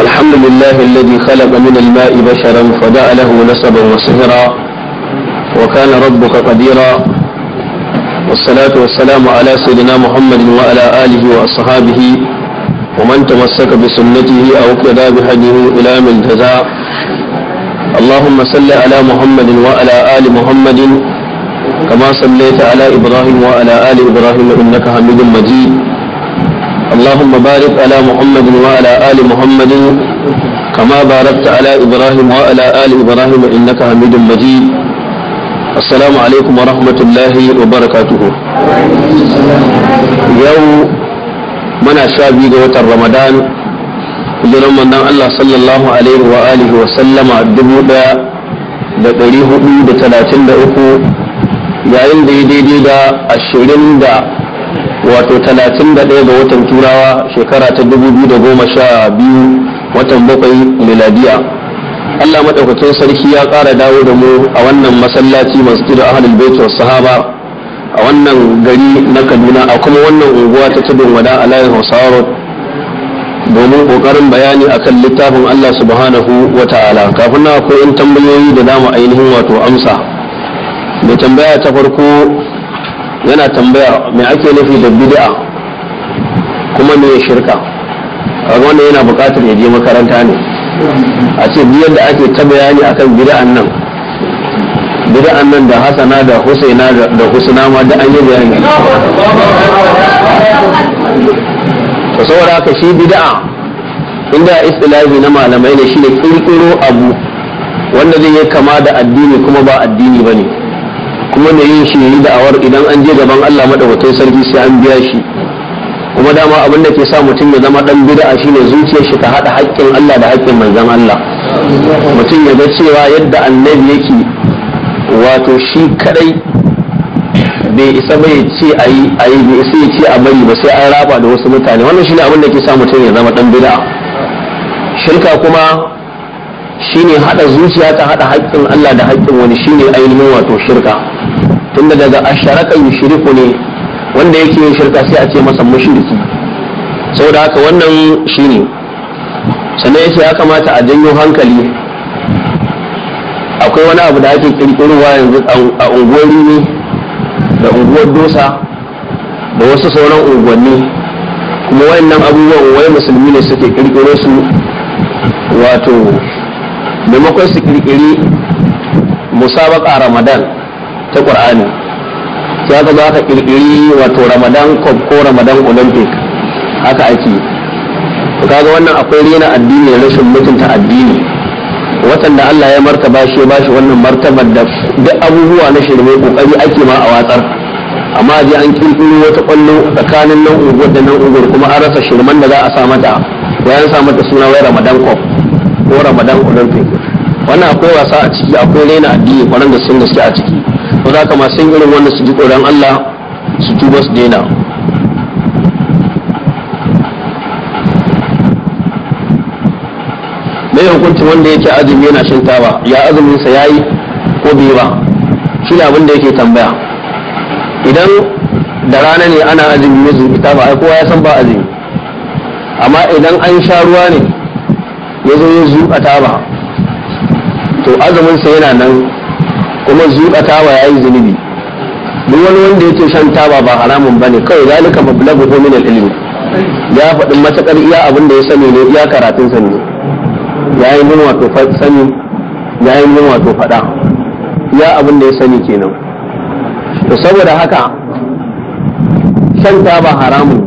الحمد لله الذي خلق من الماء بشرا فجعله نسبا وصهرا وكان ربك قديرا والصلاة والسلام على سيدنا محمد وعلى آله وأصحابه ومن تمسك بسنته أو اقتدى بهديه إلى من جزاء اللهم صل على محمد وعلى آل محمد كما صليت على إبراهيم وعلى آل إبراهيم إنك حميد مجيد اللهم بارك على محمد وعلى آل محمد كما باركت على إبراهيم وعلى آل إبراهيم إنك حميد مجيد السلام عليكم ورحمة الله وبركاته يوم من أشابي قوة رمضان hijiran manzon Allah sallallahu alaihi wa alihi wa sallama dubu daya da ɗari hudu da talatin da uku yayin da ya daidai da ashirin da wato 31 ga watan turawa shekara ta 2012 watan bakwai miladiya Allah madaukakin sarki ya ƙara dawo da mu a wannan masallaci masu ahlul ahalin was sahaba a wannan gari na Kaduna a kuma wannan unguwa ta tudun wada a layin Hausawa domin ƙoƙarin bayani akan littafin Allah subhanahu wa ta'ala kafin na akwai in tambayoyi da dama ainihin wato amsa mai tambaya ta farko yana tambaya me ake nufi da bid'a kuma me shirka kaga wannan yana buƙatar ya je makaranta ne a ce biyar da ake ta bayani akan bid'an nan bid'an nan da hasana da husaina da husna ma da an yi bayani to saboda haka shi bid'a inda istilahi na malamai ne shine kirkiro abu wanda zai yi kama da addini kuma ba addini bane kuma da yin shi yi da'awar idan an je gaban Allah madaukakin sarki sai an biya shi kuma dama abin da ke sa mutum ya zama dan bid'a shine zuciyar shi ta hada haƙƙin Allah da haƙƙin manzon Allah mutum ya ga cewa yadda annabi yake wato shi kadai bai isa bai ce ayi ayi bai isa ya ce a bari ba sai an raba da wasu mutane wannan shine abin da ke sa mutum ya zama dan bid'a shirka kuma shine hada zuciya ta haɗa haƙƙin Allah da haƙƙin wani shine ainihin wato shirka tunda daga asharaka yushriku ne wanda yake yin shirka sai a ce masa mushriki saboda haka wannan shine sannan yace ya kamata a janyo hankali akwai wani abu da ake kirkirowa yanzu a unguwar ne da unguwar dosa da wasu sauran unguwanni kuma wayannan abubuwan wai musulmi ne suke kirkiro su wato maimakon su kirkiri musabaka ramadan ta ƙur'ani ya aka za ka ƙirƙiri wato ramadan cup ko ramadan olympic haka ake to kaga wannan akwai rena addini da rashin mutunta addini watan da Allah ya martaba shi ya bashi wannan martabar da duk abubuwa na shirme kokari ake ma a watsar amma je an kirkiro wata kwallo tsakanin nan unguwar da nan unguwar kuma an rasa shirman da za a sa mata bayan sa mata suna wai ramadan cup ko ramadan olympic wannan akwai wasa a ciki akwai rena addini kwanan da sun gaske a ciki ko za ka masu irin wannan su ji tsoron Allah su tuba su daina mai hukuncin wanda yake azumi yana shan taba ya azuminsa ya yi ko bai ba shi da abin da yake tambaya idan da rana ne ana azumi ya zubi taba ai kowa ya san ba azumi amma idan an sha ruwa ne ya zo ya zuba taba to azuminsa yana nan kuma zuƙatawa ya yi zunubi duk wani wanda yake shan taba ba haramun bane kawai zalika mablagu ko min ilmi ya faɗi matakar iya abin da ya sani ne iya karatun sani ne ya yi min wato sani ya yi min wato faɗa iya abin da ya sani kenan to saboda haka shan taba haramun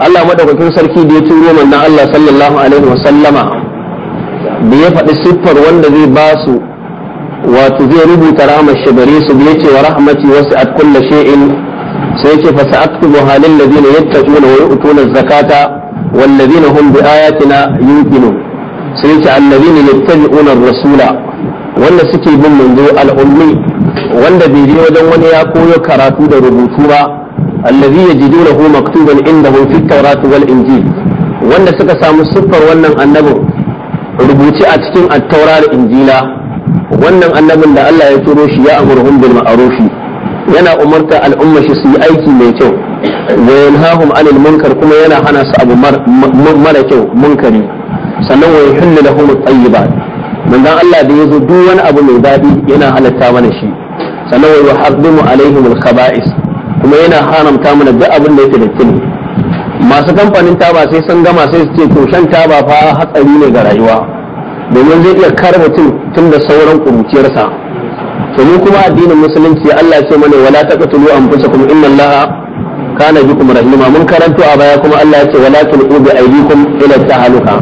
Allah madaukakin sarki da ya turo na Allah sallallahu alaihi wa sallama da ya faɗi siffar wanda zai ba su wato zai rubuta rahmar shi su ya ce wa rahmati wasu at kulla shay'in sai ce fa sa'aktubu halil ladina yattaquna wa yu'tuna zakata wal ladina hum bi ayatina yuqinun sai ce alladina yattabi'una rasula wanda suke bin manzo al-ummi wanda bai je wajen wani ya koyo karatu da rubutu ba allazi yajidunahu maktuban indahum fit tawrat wal injil wanda suka samu siffar wannan annabin rubuce a cikin attaura da injila wannan annabin da Allah ya turo shi ya amurhum bil ma'ruf yana umarta al'umma shi su yi aiki mai kyau wa yanhahum anil munkar kuma yana hana su abu mara kyau munkari sannan wa yuhillu lahum at-tayyibat manzon Allah da yazo duk wani abu mai dadi yana halatta mana shi sannan wa yuharrimu alaihim al-khaba'is kuma yana haramta mana duk abin da yake da tuni masu kamfanin taba sai sun gama sai su ce to shan taba fa hatsari ne ga rayuwa domin zai iya kar mutum tun da sauran kuruciyarsa to mu kuma addinin musulunci Allah ya ce mana wala taqtulu anfusakum inna Allaha kana bikum rahima mun karanto a baya kuma Allah ya ce wala tulqu bi aydikum ila tahaluka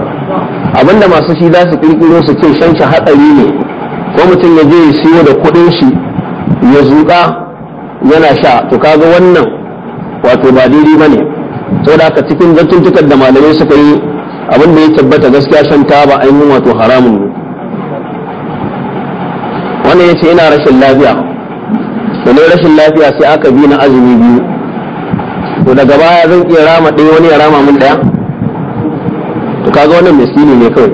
abinda masu shi za su kirkiro su ce shan shi hatsari ne ko mutum ya je ya siyo da kuɗin shi ya zuƙa yana sha to kaga wannan wato ba daidai bane da haka cikin zartuntukan da malamai suka yi abin da ya tabbata gaskiya shan taba ainihin wato haramun wani ya ce ina rashin lafiya to ne rashin lafiya sai aka bi na azumi biyu to daga baya zan iya rama ɗaya wani ya rama min ɗaya to kaga wannan misili ne kawai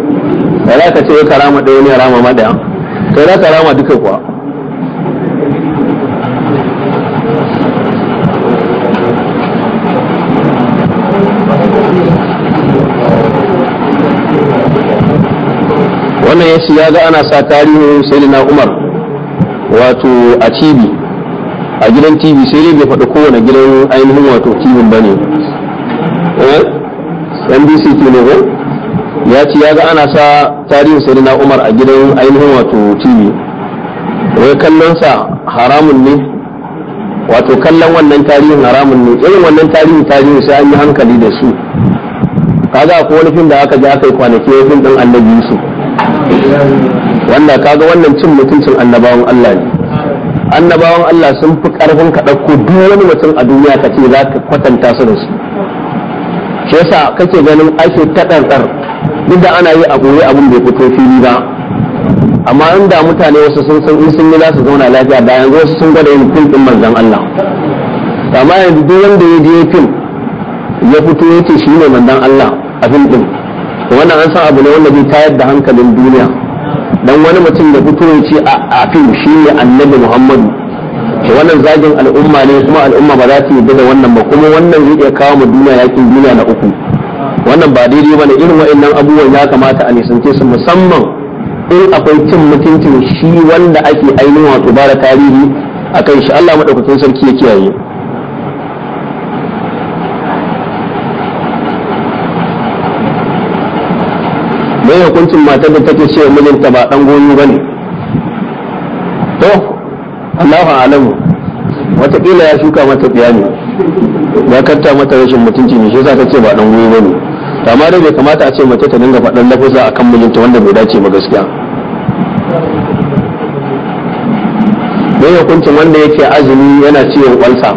da za ka ce ka rama ɗaya wani ya rama ma ɗaya kai za ka rama duka kuwa wannan ya ya ga ana sa tarihin na umar wato a tv a gidan tv sai dai bai faɗi kowane gidan ainihin wato tv ba ne eh? nbc ke ne ba ya ce ya ga ana sa tarihin sai na umar a gidan ainihin wato tv wai kallonsa haramun ne wato kallon wannan tarihin haramun ne irin wannan tarihin tarihin sai an yi hankali da su kaga ko wani fim da aka ji aka yi kwanaki wani fim din annabi yusuf wanda kaga wannan cin mutuncin annabawan Allah ne annabawan Allah sun fi karfin ka ɗauko duk wani mutum a duniya ka ce za ka kwatanta su da su shi yasa kake ganin ake ta ɗarɗar duk da ana yi a goye abin bai fito fili ba amma inda mutane wasu sun san in sun yi za su zauna lafiya da yanzu wasu sun gwada yin fim ɗin manzan Allah amma yanzu duk wanda ya je fim ya fito ya ce shi ne manzan Allah a fim ɗin wannan an san abu ne wanda zai tayar da hankalin duniya dan wani mutum da fito ya ce a fim shi ne annabi muhammadu ke wannan zagin al'umma ne kuma al'umma ba za su yi da wannan ba kuma wannan zai iya kawo mu duniya yakin duniya na uku wannan ba daidai ba ne irin wa'annan abubuwan ya kamata a nisance su musamman in akwai cin mutuncin shi wanda ake ainihin wato bara tarihi a akan shi Allah maɗaukacin sarki ya kiyaye bai hukuncin matar da take cewa mijinta ba dan goyo bane to Allahu a'lamu wataƙila ya shuka mata biya ne ya karta mata rashin mutunci ne shi yasa ta ce ba dan goyo bane amma dai bai kamata a ce mace ta dinga faɗan lafaza akan mijinta wanda bai dace ba gaskiya Mai hukuncin wanda yake azumi yana ciwon kwalsa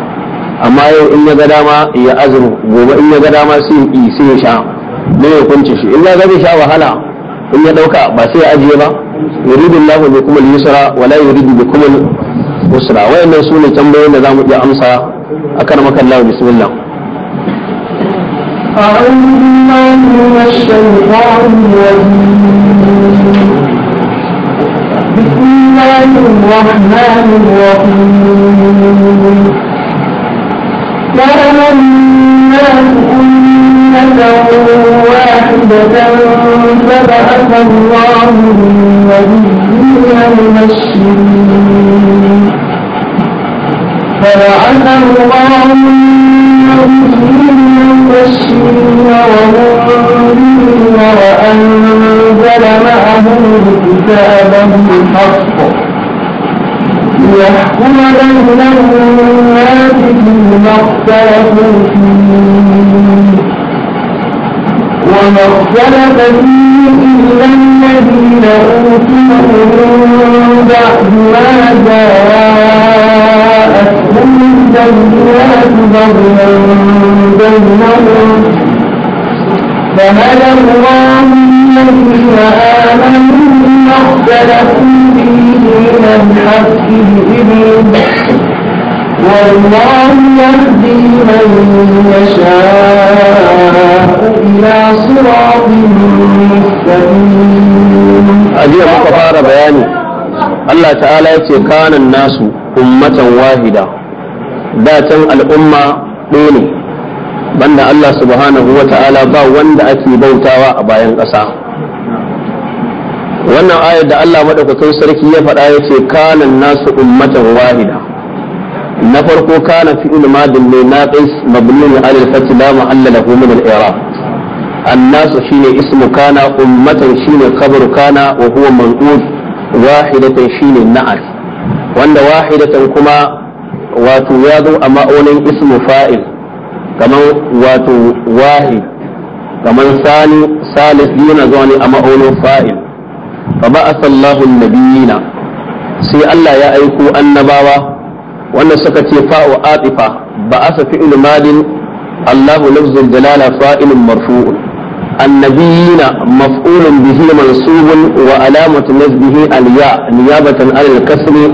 amma yau in ya ga dama ya azumi gobe in ya ga dama yi sai ya sha ne kunce shi in ga zai sha wahala in ya dauka ba sai ya ajiye ba yuridu Allah bi kumul yusra wa la yuridu bi kumul usra wayannan su ne tambayoyin da zamu iya amsa akan makallahu bismillah أعوذ بالله من الشيطان الرجيم بسم الله الرحمن الرحيم كان الناس فبعث الله النبيين المبشرين فبعث الله النبيين مبشرين ومنذرين وأنزل معهم الكتاب بالحق ليحكم بين الناس فيما اختلفوا فيه اختلف إلا الذين أوتوا من بعد ما جاءتهم البينات بغيا بينهم فهدى الله الذين آمنوا ما اختلفوا فيه من الحق بإذنه والله يهدي من يشاء إلى صراط مستقيم أجي مقفار بياني الله تعالى يتي كان الناس أمة واحدة ذات الأمة دوني banda Allah subhanahu wa ta'ala ba wanda ake bautawa a bayan ƙasa wannan ayar da Allah maɗaukakin sarki ya faɗa ya ce kanan nasu ummatan wahida na farko kana fi'il madin ne naqis mabniun ala al-fath la mahalla lahu min al-i'rab الناس شين اسم كان أمة شين خبر كان وهو منقول واحدة شين النعت وأن واحدة كما واتو يادو أما أولين اسم فائل كما واتو واحد كما ثاني ثالث دين زواني أما أولين فائل فبعث الله النبيين سي الله يا أيكو النباوة wannan suka ce fa'u atifa ba a safi madin Allahu lafzul jalala fa'ilun marfu'un annabiyina maf'ulun bihi mansubun wa alamatu nasbihi alya niyabatan 'ala al-kasri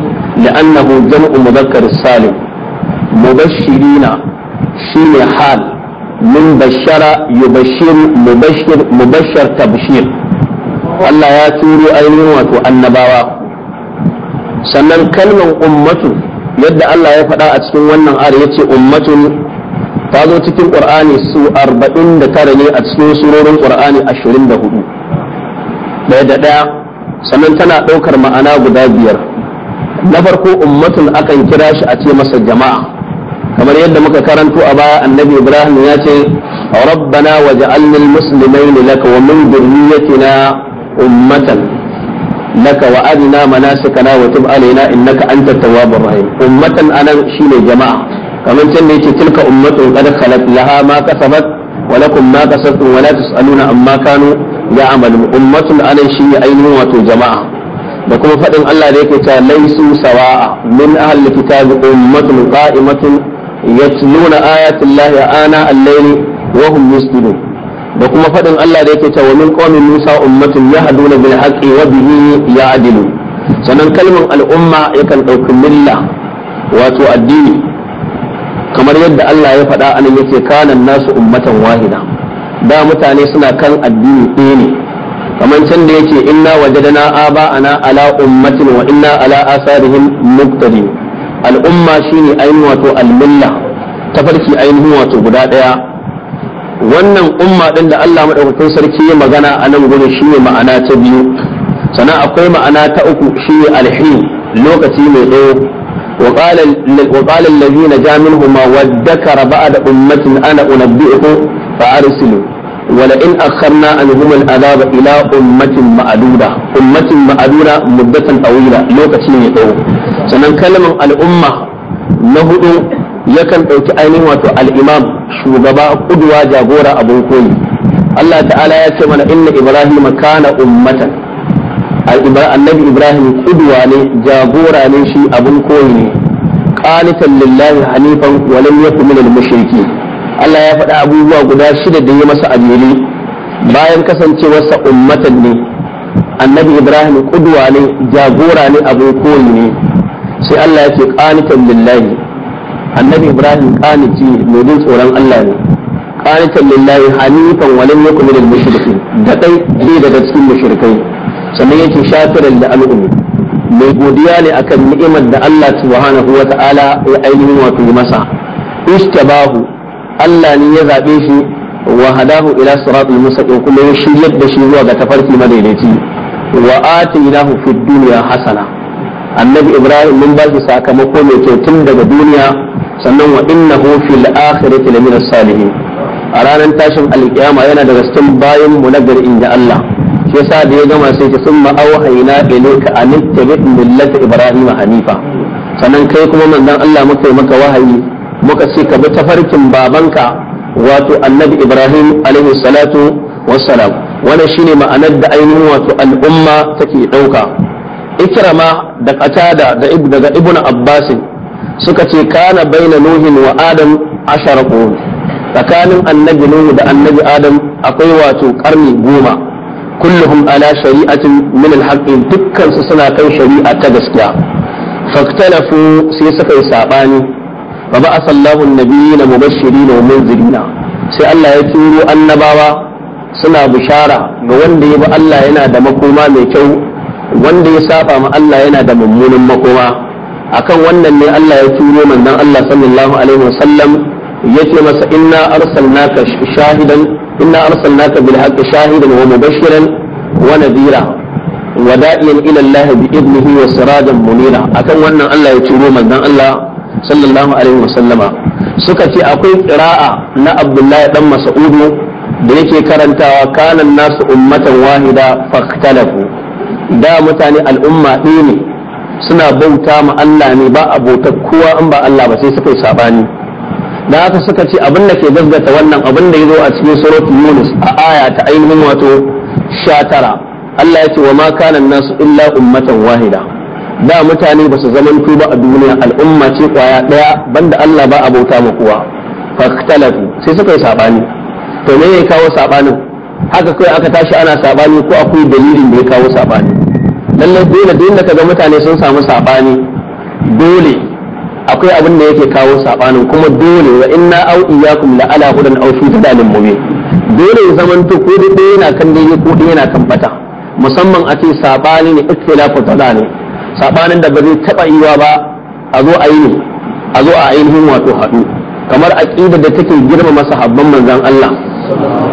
li'annahu jam'u mudhakkar salim mubashshirina shine hal min bashara yubashshir mubashshir mubashshar tabshir Allah ya turo ainihin wato annabawa sannan kalmar ummatu yadda Allah ya faɗa a cikin wannan ayar yace ummatun ta zo cikin ƙur'ani su arba'in da tara ne a cikin surorin da hudu. Ɗaya da ɗaya sannan tana ɗaukar ma'ana guda biyar na farko ummatun akan kira shi a ce masa jama'a kamar yadda muka karanto a baya annabi ibrahim ya ce rabbana waj'alna ne laka wa min dhurriyyatina ummatan laka wa arina manasikana wa tub alaina innaka antat tawwabur rahim ummatan anan shine jama'a kamar can da yake tilka ummatun qad khalat laha ma kasabat wa lakum ma kasabtum wa la tusaluna amma kanu ya'malu ummatun ainihin wato jama'a da kuma faɗin Allah da yake ta laisu sawa'a min ahli kitab ummatun qa'imatun yatluna ayati ana al-layli wa hum yusbidun da kuma faɗin Allah da yake cewa min qaumi Musa ummatun yahduna bil haqqi wa bihi ya'dilu sannan kalmar al'umma yakan ɗauki milla wato addini kamar yadda Allah ya faɗa anan yace kana nasu ummatan wahida da mutane suna kan addini ɗaya ne kamar can da yake inna wajadana aba'ana ala ummatin wa inna ala asarihim muqtadi al'umma shine ainihin wato al-milla tafarki ainihin wato guda ɗaya wannan umma ɗin da Allah madaukakin sarki ya magana a nan gurin shine ma'ana ta biyu sannan akwai ma'ana ta uku shine alhin lokaci mai dawo wa qala allazina jamin huma wa dhakara ba'da ummatin ana unabbi'uhu fa arsilu wa la in akharna anhum azaba ila ummatin ma'duda ummatin ma'duda muddatan lokaci mai dawo sannan kalman al'umma na hudu yakan ɗauki ainihin wato al'imam shugaba kudwa jagora abin koyi Allah ta'ala ya ce mana inna ibrahim kana ummatan annabi ibrahim kudwa ne jagora ne shi abin koyi ne qanitan lillahi hanifan wa lam yakun minal mushriki Allah ya faɗa abubuwa guda shida da ya masa ajiri bayan kasancewarsa ummatan ne annabi ibrahim kudwa ne jagora ne abin koyi ne sai Allah ya ce qanitan lillahi annabi ibrahim qaniti mai jin tsoron Allah ne qanitan lillahi hanifan wa lam yakun minal mushrikin da dai bai daga cikin mushrikai sannan yake shakiran da al'ummi mai godiya ne akan ni'imar da Allah subhanahu wa ta'ala ya ainihin wato masa istabahu Allah ne ya zabe shi wa hadahu ila siratul mustaqim kuma ya shiryar da shi zuwa ga tafarki madaidaici wa atainahu fid dunya hasana annabi ibrahim mun ba shi sakamako mai kyau tun daga duniya sannan wa innahu fil akhirati lamina salihin a ranar tashin alkiyama yana daga cikin bayan mu nagar inda Allah shi yasa da ya gama sai ta summa auhayna ilayka an tabi millata ibrahim hanifa sannan kai kuma manzon Allah muka yi maka wahayi muka ce ka bi tafarkin babanka wato annabi ibrahim alaihi salatu wassalam wannan shine ma'anar da ainihin wato al'umma take dauka ikrama da qatada da daga ibnu abbasin suka ce kana baina nuhin wa adam ashara qurun tsakanin annabi nuhu da annabi adam akwai wato karni goma kulluhum ala shari'atin min al-haqqi dukkan su suna kan shari'a ta gaskiya faktalafu sai suka yi sabani wa na sallahu an-nabiyina mubashirin wa munzirina sai Allah ya turo annabawa suna bishara ga wanda ya bi Allah yana da makoma mai kyau wanda ya saba ma Allah yana da mummunan makoma akan wannan ne Allah ya turo manzon Allah sallallahu alaihi wasallam yace masa inna arsalnaka shahidan inna arsalnaka bil haqqi shahidan wa mubashiran wa nadira wa da'iyan ila Allah bi idnihi wa sirajan munira akan wannan Allah ya turo manzon Allah sallallahu alaihi wasallama suka ce akwai qira'a na Abdullahi dan Mas'udu da yake karantawa kanan nasu ummatan wahida faktalafu da mutane al'umma ɗaya ne suna bauta ma Allah ne ba abota kowa in ba Allah ba sai suka yi sabani da haka suka ce abin da ke gaggata wannan abin da ya zo a cikin surat Yunus a aya ta ainihin wato Shatara Allah ya ce wa ma kana nasu illa ummatan wahida da mutane ba su zaman ba a duniya al'umma ce kwaya daya banda Allah ba abota ma kowa fakhtalafu sai suka yi sabani to me ya kawo sabanin haka kai aka tashi ana sabani ko akwai dalilin da ya kawo sabani lallai dole duk da kaga mutane sun samu sabani dole akwai abin da yake kawo sabanin kuma dole wa inna au iyyakum la ala hudan aw fi dalalin mubin dole ya zamanto ko dai yana kan dai ko dai yana kan fata musamman a ce sabani ne ikhtilafu dalal sabanin da ba zai taba yiwa ba a zo a yi a zo a ainihin wato hadu kamar aqida da take girmama sahabban manzon Allah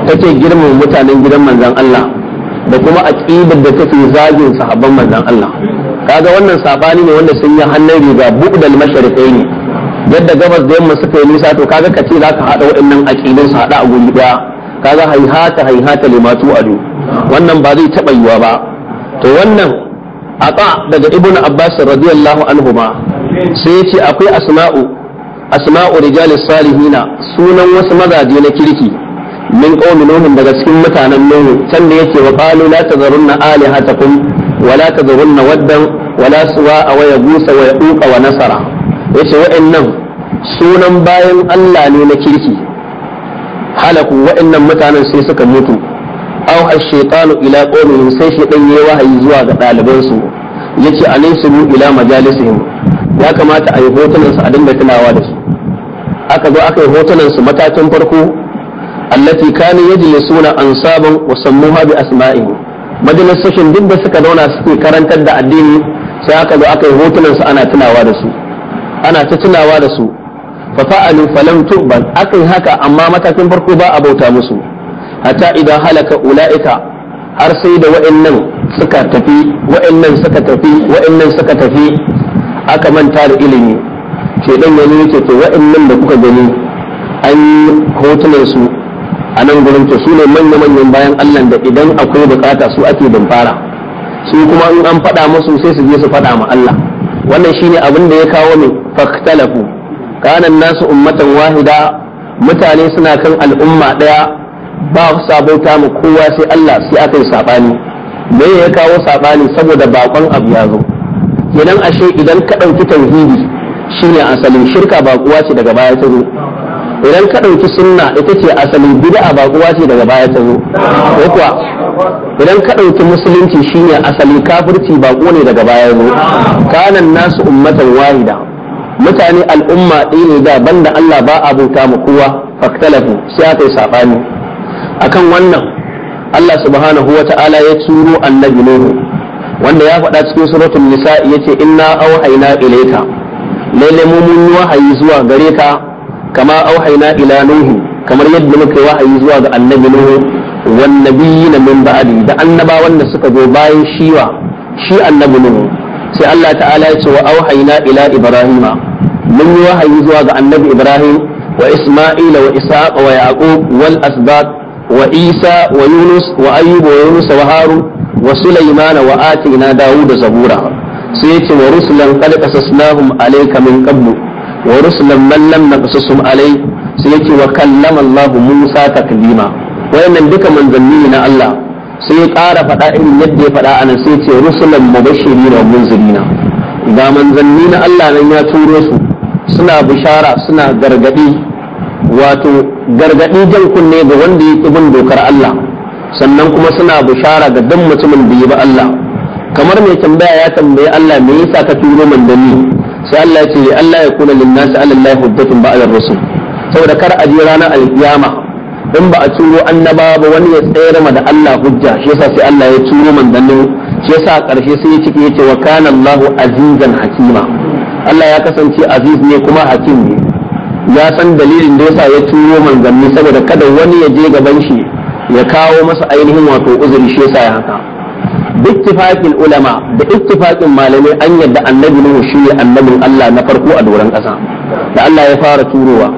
take girmama mutanen gidan manzon Allah da kuma aqidar da take zagin sahabban manzon Allah kaga wannan sabani ne wanda sun yi hannun riga da mashariƙai ne yadda gabas da yamma suka yi nisa to kaga ka za zaka haɗa waɗannan aqidun su haɗa a guri daya kaga haihata haihata limatu adu wannan ba zai taɓa yiwa ba to wannan aqa daga ibnu abbas radiyallahu anhu ma sai ce akwai asma'u asma'u rijalis salihina sunan wasu mazaje na kirki min qaumi nuhin daga cikin mutanen nuhu can da yake wa qalu la tazarunna alihatakum wa la tazarunna waddan wa la suwa wa yagusa wa wa nasara yace wa'annan sunan bayan Allah ne na kirki halaku wa'annan mutanen sai suka mutu aw ash-shaytanu ila qaumihim sai shaytan yayi wahayi zuwa ga ɗalibansu yace alaysu ila majalisihim ya kamata a yi hotunansu a dinga da su aka zo aka yi hotunansu matakin farko allati kanu yajlisuna ansaban wa sammuha bi asma'ihim majalisashin duk da suka zauna suke karantar da addini sai aka zo aka yi hotunan su ana tunawa da su ana ta tunawa da su fa fa'alu falam tuqbal akai haka amma matakin farko ba a bauta musu hatta idan halaka ula'ika har sai da wa'annan suka tafi wa'annan suka tafi wa'annan suka tafi aka manta da ilimi shedan ya yake to wa'annan da kuka gani an hotunan su a nan gurin ta su ne manya-manyan bayan Allah da idan akwai bukata su ake fara su kuma in an faɗa musu sai su je su faɗa ma Allah wannan shine abin da ya kawo ne faktalafu kanan nasu ummatan wahida mutane suna kan al'umma ɗaya ba sa bauta mu kowa sai Allah sai aka yi sabani me ya kawo saɓani saboda bakon abu ya zo kenan ashe idan ka dauki tauhidi shine asalin shirka ba kuwa ce daga baya ta zo idan ka ɗauki sunna ita ce asalin bid'a ba kuwa ce daga baya ta zo ko kuwa idan ka ɗauki musulunci shine asali kafirci ba ne daga baya zo kanan nasu ummatan wahida mutane al'umma ɗaya ne da banda Allah ba abota mu kowa faktalafu sai aka yi saɓani akan wannan Allah subhanahu wa ta'ala ya turo annabi Nuhu wanda ya faɗa cikin suratul nisa yace inna auhayna ilayka lalle mu mun wahayi zuwa gare ka kama auhayna ila nuhu kamar yadda muka wahayi zuwa ga annabi nuhu wan nabiyina min ba'di da annabawan da suka zo bayan shiwa shi annabi nuhu sai Allah ta'ala ya ce wa auhayna ila ibrahima mun yi wahayi zuwa ga annabi ibrahim wa isma'il wa ishaq wa yaqub wal asbat wa isa wa yunus wa ayyub wa yunus wa harun wa sulaiman wa atina dawud zabura sai ya ce wa rusulan qad qasasnahum alayka min qablu wa rusulan man lam naqsusum alai sai yake wa kallama Allah Musa taklima wayannan duka manzanni na Allah sai ya ƙara faɗa irin yadda ya faɗa anan sai ce rusulan mubashirina wa munzirina ga manzanni na Allah nan ya turo su suna bishara suna gargadi wato gargadi jan kunne ga wanda ya bin dokar Allah sannan kuma suna bishara ga dan mutumin da ya bi Allah kamar mai tambaya ya tambayi Allah me yasa ka turo manzanni sai Allah ya ce Allah ya kuna lin nasi ala Allah hujjatun ba'da rusul saboda kar a je ranar alkiyama in ba a turo annaba ba wani ya tsayar ma da Allah hujja shi yasa sai Allah ya turo manzannin shi yasa karshe sai ya cike yace wa kana Allahu azizan hakima Allah ya kasance aziz ne kuma hakim ne ya san dalilin da yasa ya turo manzanni saboda kada wani ya je gaban shi ya kawo masa ainihin wato uzuri shi yasa ya haka bittifaqil ulama da ittifaqin malamai an annabi nuhu shi annabin Allah na farko a doron ƙasa da Allah ya fara turowa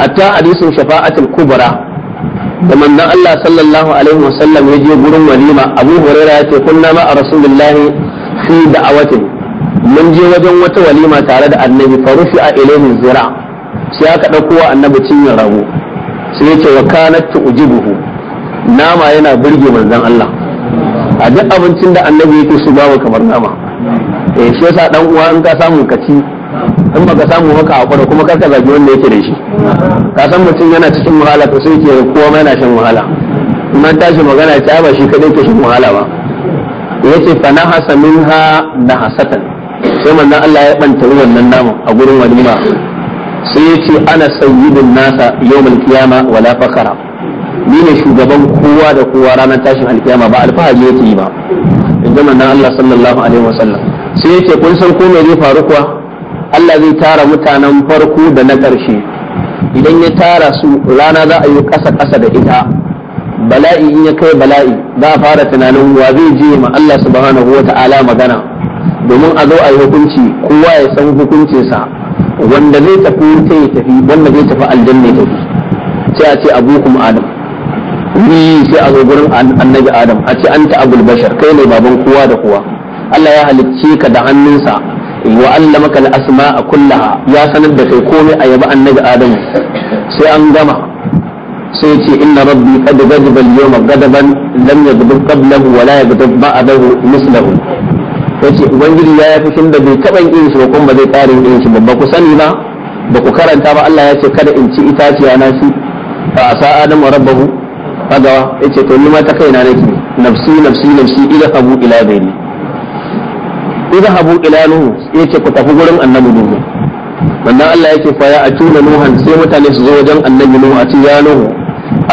hatta hadisin shafa'atul kubra da manzon Allah sallallahu ya je gurin walima Abu Hurairah ya ce kunna ma a rasulullahi fi da'awatin mun je wajen wata walima tare da annabi farufi a ilaihi zira sai aka dauko annabi cinyin rago sai ya ce uji kanat nama yana burge manzon Allah a duk abincin da annabi yake su babu kamar nama eh shi yasa dan uwa in ka samu ka ci in baka samu haka hakura kuma karka zagi wanda yake da shi ka san mutum yana cikin wahala to sai ke kowa ma yana shan wahala kuma tashi magana ta ba shi kadai ke shan wahala ba yace fa ha minha hasatan sai manzon Allah ya banta wannan nama a gurin walima sai yace ana sayyidun nasa yawmal qiyama wala fakara ni ne shugaban kowa da kowa ranar tashin alkiyama ba alfahari ce yi ba In ji manna Allah sallallahu alaihi wasallam sai ya ce kun san ko mai zai faru kuwa Allah zai tara mutanen farko da na ƙarshe idan ya tara su rana za a yi ƙasa ƙasa da ita bala'i in ya kai bala'i za a fara tunanin wa zai je ma Allah subhanahu wa ta'ala magana domin a zo a yi hukunci kowa ya san hukuncinsa wanda zai tafi wuta ya tafi wanda zai tafi aljanna ya tafi sai a ce kuma adam ni sai a zo gurin annabi adam a ce anta abul bashar kai ne baban kowa da kowa Allah ya halicce ka da hannunsa wa allamaka al a kullaha ya sanar da kai komai a yabi annabi adam sai an gama sai ce inna rabbi qad ghadiba al-yawma ghadaban lam yaghdab qablahu wa la yaghdab ba'dahu mislahu yace ubangiji ya yi fushin da bai taɓa yin shi ba kuma ba zai ƙara yin shi ba ku sani ba ba ku karanta ba Allah ya ce kada in ci itaciya na shi fa sa adamu rabbahu kagawa yace to ni ma ta kaina nake nafsi nafsi nafsi ila habu ila gairi ila habu ila nuhu yace ku tafi gurin annabi nuhu manzon Allah yake fa ya atuna nuhan sai mutane su zo wajen annabi nuhu a ya nuhu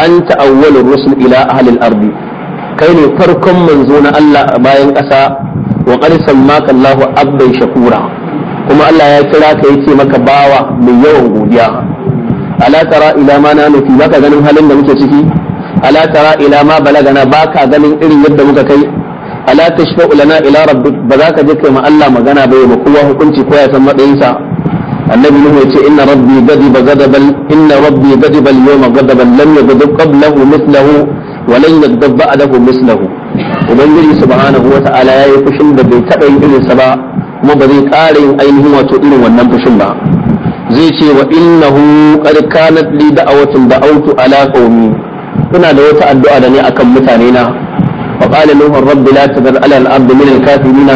anta awwalur rusul ila ahli al-ardi kai ne farkon manzo na Allah bayan ƙasa wa qad sammaka Allahu abdan shakura kuma Allah ya kira ka ce maka bawa mai yawan godiya ala tara ila ma na nufi maka ganin halin da muke ciki ala tara ila ma balagana ba ka ganin irin yadda muka kai ala tashfa'u lana ila rabbik ba za ka je kai ma Allah magana ba ba kowa hukunci ko ya san matsayinsa annabi nuhu yace inna rabbi gadiba gadaban inna rabbi gadiba al-yawma gadaban lam yaghdab qablahu mithlahu wa lan yaghdab ba'dahu mithlahu ubangiji subhanahu wa ya yi fushin da bai taba yin irinsa ba kuma ba zai ƙara yin ainihin wato irin wannan fushin ba zai ce wa innahu qad kanat li da'awatun da'awtu ala qaumi ina da wata addu'a da ni akan mutane na wa qala nuhu rabbi la tadar ala al-ard min al-kafirin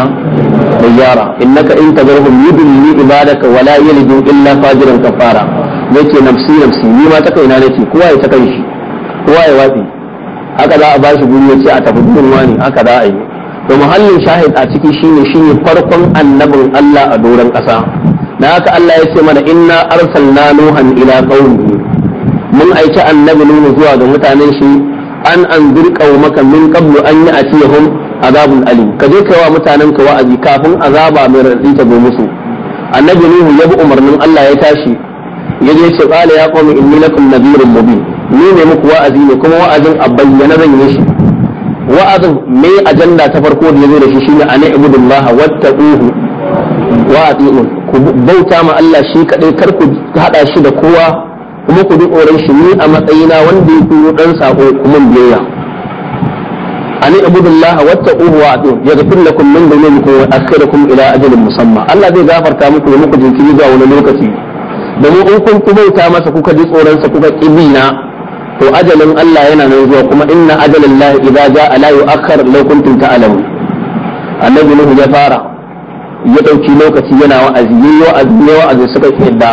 diyara innaka in tadarhum yudillu ibadaka wa la yalidu illa fajiran kafara yace nafsi nafsi ni ma ta kaina nake kowa ya ta kai shi kowa ya watsi haka za a bashi guri yace a tafi gurin wani haka za a yi to muhallin shahid a ciki shine shine farkon annabin Allah a doron ƙasa na haka Allah ya ce mana inna arsalna nuhan ila qaumi mun aiki annabi nuhu zuwa ga mutanen shi an anzir maka min qablu an ya'tiyahum azabun alim ka je kai wa mutanen ka wa'azi kafin azaba mai radi ta zo musu annabi nuhu ya bi umarnin Allah ya tashi ya je ce qala ya qaumi inni lakum nadhirun mubin ni ne muku wa'azi ne kuma wa'azin a bayyana zan yi shi wa'azin me ajanda ta farko da yazo da shi shine ana ibudullaha wattaquhu wa atiun ku bauta ma Allah shi kadai kar ku hada shi da kowa kuma ku bi tsoron shi ni a matsayina wanda ya turo dan sako kuma biyayya ani abudullaha wattaquhu wa atu yaghfir lakum min dhunubikum wa yaskhirukum ila ajalin musamma Allah zai gafarta muku da muku jinkiri zuwa wani lokaci mu in kun kubauta masa kuka ji tsoron sa kuka kibina to ajalin Allah yana nan zuwa kuma inna ajalallahi idza jaa la yu'akhkhar law kuntum ta'lamun annabi nuhu ya fara ya dauki lokaci yana wa'azi yayi wa'azi yayi wa'azi suka kidda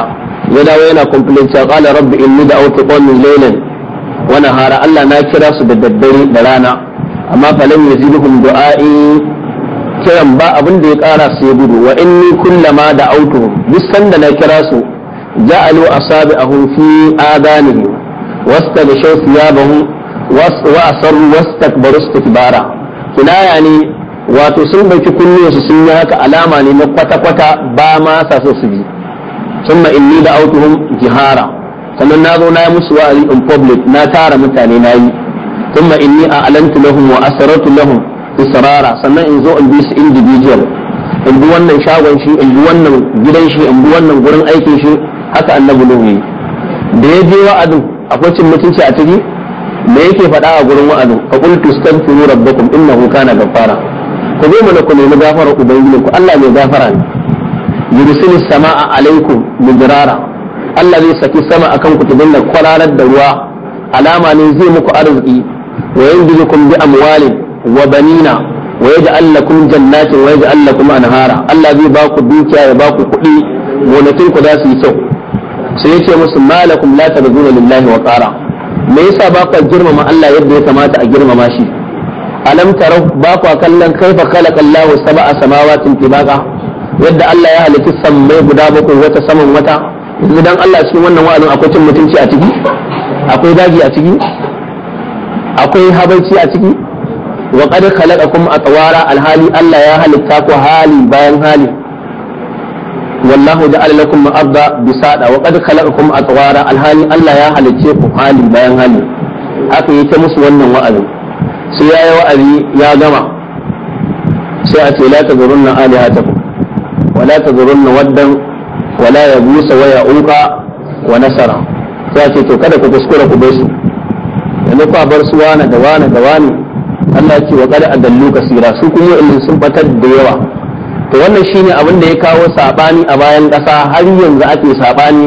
ya dawo yana complain cewa qala rabbi inni da'awtu qawmin laylan wa nahara Allah na kira su da daddare da rana amma falam yaziduhum du'a'i kiran ba abin da ya kara su ya gudu wa inni kullama da'awtuhum duk sanda na kira su ja'alu asabi'ahum fi adanihim wastabshaw thiyabahum wa asarru wastakbaru istikbara kinaya ne wato sun kunne su sun yi haka alama ne na kwata-kwata ba ma sa so su bi thumma da da'awtuhum jihara sannan na zo na yi musu wa'azi in public na tara mutane na yi thumma a a'lantu lahum wa asrartu lahum israra sannan in zo in bi su individual in bi wannan shagon shi in bi wannan gidan in bi wannan gurin aikin shi haka annabi nuhu yi da ya je wa'azin akwai cin mutunci a ciki me yake faɗa a gurin wa'azin fa qul in na kuka na ghaffara ku zo mana ku nemi gafarar ku Allah mai gafara ne yursilu sama'a alaikum mudrara Allah zai saki sama akan ku tudunna kwararar da ruwa alama ne zai muku arziki wa yanzukum bi amwalin wa banina wa yaj'al lakum jannatin wa yaj'al lakum anhara Allah zai baku dukiya ya baku ku kuɗi gonakin ku za su yi kyau sai yace musu malakum la tabzuna lillahi wa qara me yasa ba ku girmama Allah yadda ya kamata a girmama shi alam tarau ba ku kallon kaifa khalaqa Allahu sab'a samawatin tibaqa yadda Allah ya halitta sammai guda bakwai wata saman wata yanzu dan Allah cikin wannan wa'azin akwai cin mutunci a ciki akwai daji a ciki akwai habaici a ciki wa qad khalaqakum atwara alhali Allah ya halitta ku hali bayan hali wallahu ja'ala lakum ma'abda bisada wa qad khalaqakum atwara alhali Allah ya halitta ku hali bayan hali haka yake musu wannan wa'azin sai yayi wa'azi ya gama sai a ce la tazurunna alihatakum wala tazurunna waddan wala yabusa wa ya'uqa wa nasara ce to kada ku kuskura ku bai su yanzu ku bar su wani da wani da wani Allah ce wa qad adallu kasira su kuma in sun batar da yawa to wannan shine abin da ya kawo sabani a bayan ƙasa har yanzu ake sabani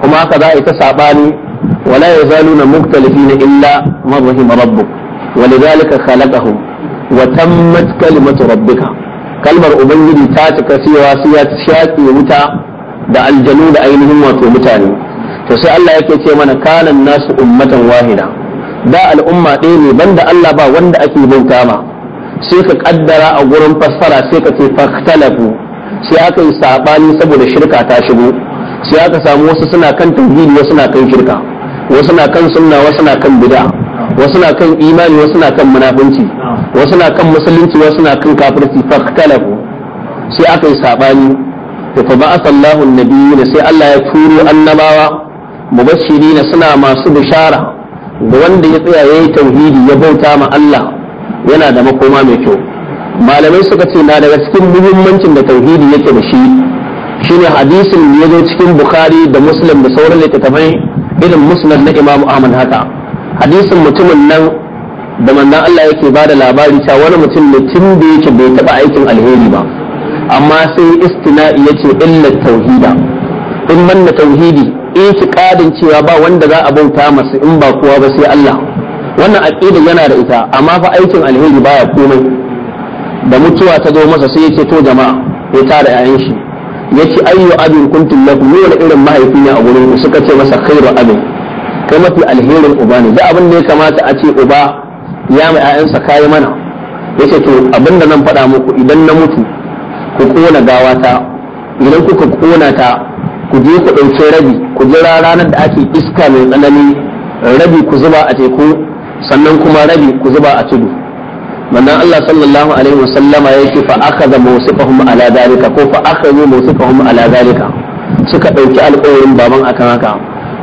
kuma haka za a yi ta sabani wala yazaluna muktalifina illa man rahima rabbuk ولذلك خلقهم وتمت كلمة ربك kalmar ubangiji ta cika cewa sai ya shaƙe wuta da aljanu da ainihin wato mutane to sai Allah yake ce mana kanan nasu ummatan wahida da al'umma ɗaya ne banda Allah ba wanda ake bauta ma sai ka kaddara a gurin fassara sai ka ce fahtalafu sai aka yi sabani saboda shirka ta shigo sai aka samu wasu suna kan tauhidi wasu na kan shirka wasu na kan sunna wasu na kan bid'a wasu na kan imani wasu na kan munafunci wasu na kan musulunci wasu na kan kafirci fakhtalafu sai aka yi sabani to fa ba'a sallahu annabiyina sai Allah ya turo annabawa mubashirina suna masu bishara da wanda ya tsaya yayi tauhidi ya bauta ma Allah yana da makoma mai kyau malamai suka ce na daga cikin muhimmancin da tauhidi yake da shi shine hadisin da ya zo cikin bukhari da muslim da sauran littattafai irin musnad na imamu ahmad haka hadisin mutumin nan da manzon Allah yake ba da labari cewa wani mutum ne tun da yake bai taba aikin alheri ba amma sai istina'i yace illa tauhida in manna tauhidi kadin cewa ba wanda za a bauta masa in ba kowa ba sai Allah wannan aqidar yana da ita amma fa aikin alheri baya komai da mutuwa ta zo masa sai yace to jama'a ya tara yayan shi yace ayyu abin kuntum lakum ne irin mahaifi ne a gurin suka ce masa khairu abin kai mafi alherin uba ne da abin da ya kamata a ce uba ya mai ayansa kayi mana yace to abin da nan faɗa muku idan na mutu ku kona ta, idan kuka kona ta ku je ku ɗauki rabi ku jira ranar da ake iska mai tsanani rabi ku zuba a teku sannan kuma rabi ku zuba a tudu manzon Allah sallallahu alaihi wasallama yake fa akaza musifahum ala zalika ko fa akazu musifahum ala zalika suka ɗauki alƙawarin baban akan haka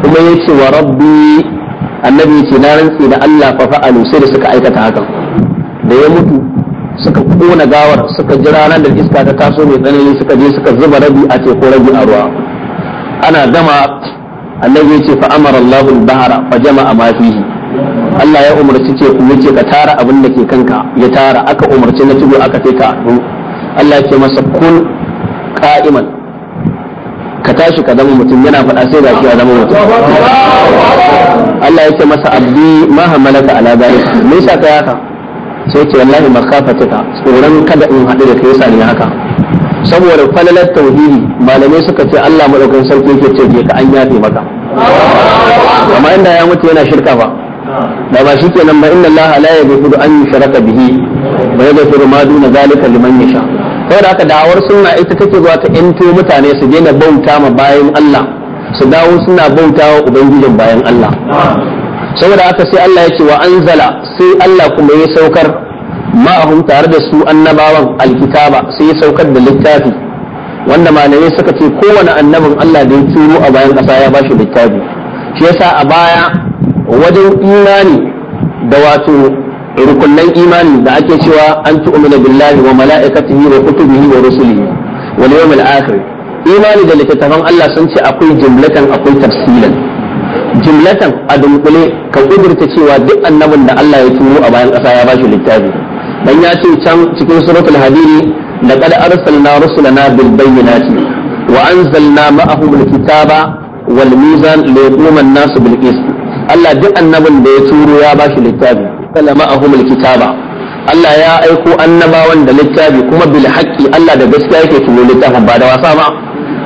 kuma ya ce wa rabbi annabi ya ce na rantse da Allah fa fa'alu sai da suka aikata hakan da ya mutu suka kona gawar suka ji ranar da iska ta taso mai tsanani suka je suka zuba rabi a teku rabi a ruwa ana gama annabi ya ce fa amara Allahu al-bahra fa jama'a ma fihi Allah ya umarci ce ku yace ka tara abin da ke kanka ya tara aka umarci na tudu aka kai ka Allah ya ce masa kun qa'iman ka tashi ka zama mutum yana faɗa sai ga shi ya zama mutum Allah yake masa abdi ma hamalaka ala zalika me yasa kai haka sai ce wallahi makafatuka tsoron kada in haɗu da kai yasa ni haka saboda falalar tauhidi malamai suka ce Allah madaukakin sarki yake ce je ka an yafe maka amma inda ya mutu yana shirka fa. da ba shi kenan ba inna Allah la yaghfiru an yushraka bihi wa yaghfiru ma duna zalika liman yasha saboda haka da'awar suna ita take zuwa ta yanto mutane su daina bauta ma bayan Allah su dawo suna bautawa ubangijin bayan Allah saboda haka sai Allah ya ce wa anzala sai Allah kuma ya saukar ma'ahum tare da su annabawan alkitaba sai ya saukar da littafi wanda malamai suka ce kowane annabin Allah da ya turo a bayan ƙasa ya bashi littafi shi yasa a baya wajen imani da wato rukunnan imani da ake cewa an tu'minu billahi wa mala'ikatihi wa kutubihi wa rusulihi wal yawmil akhir imani da littattafan Allah sun ce akwai jumlatan akwai tafsilan jumlatan a dunkule ka kudurta cewa duk annabin da Allah ya turo a bayan ƙasa ya ba shi littafi dan ya ce can cikin suratul hadidi laqad arsalna rusulana bil bayyinati wa anzalna ma'ahum al-kitaba wal mizan li an-nasu bil qist Allah duk annabin da ya turo ya ba shi littafi arsala ma'ahum alkitaba Allah ya aiko annabawan da littafi kuma bil haƙƙi Allah da gaskiya yake tuno littafin ba da wasa ba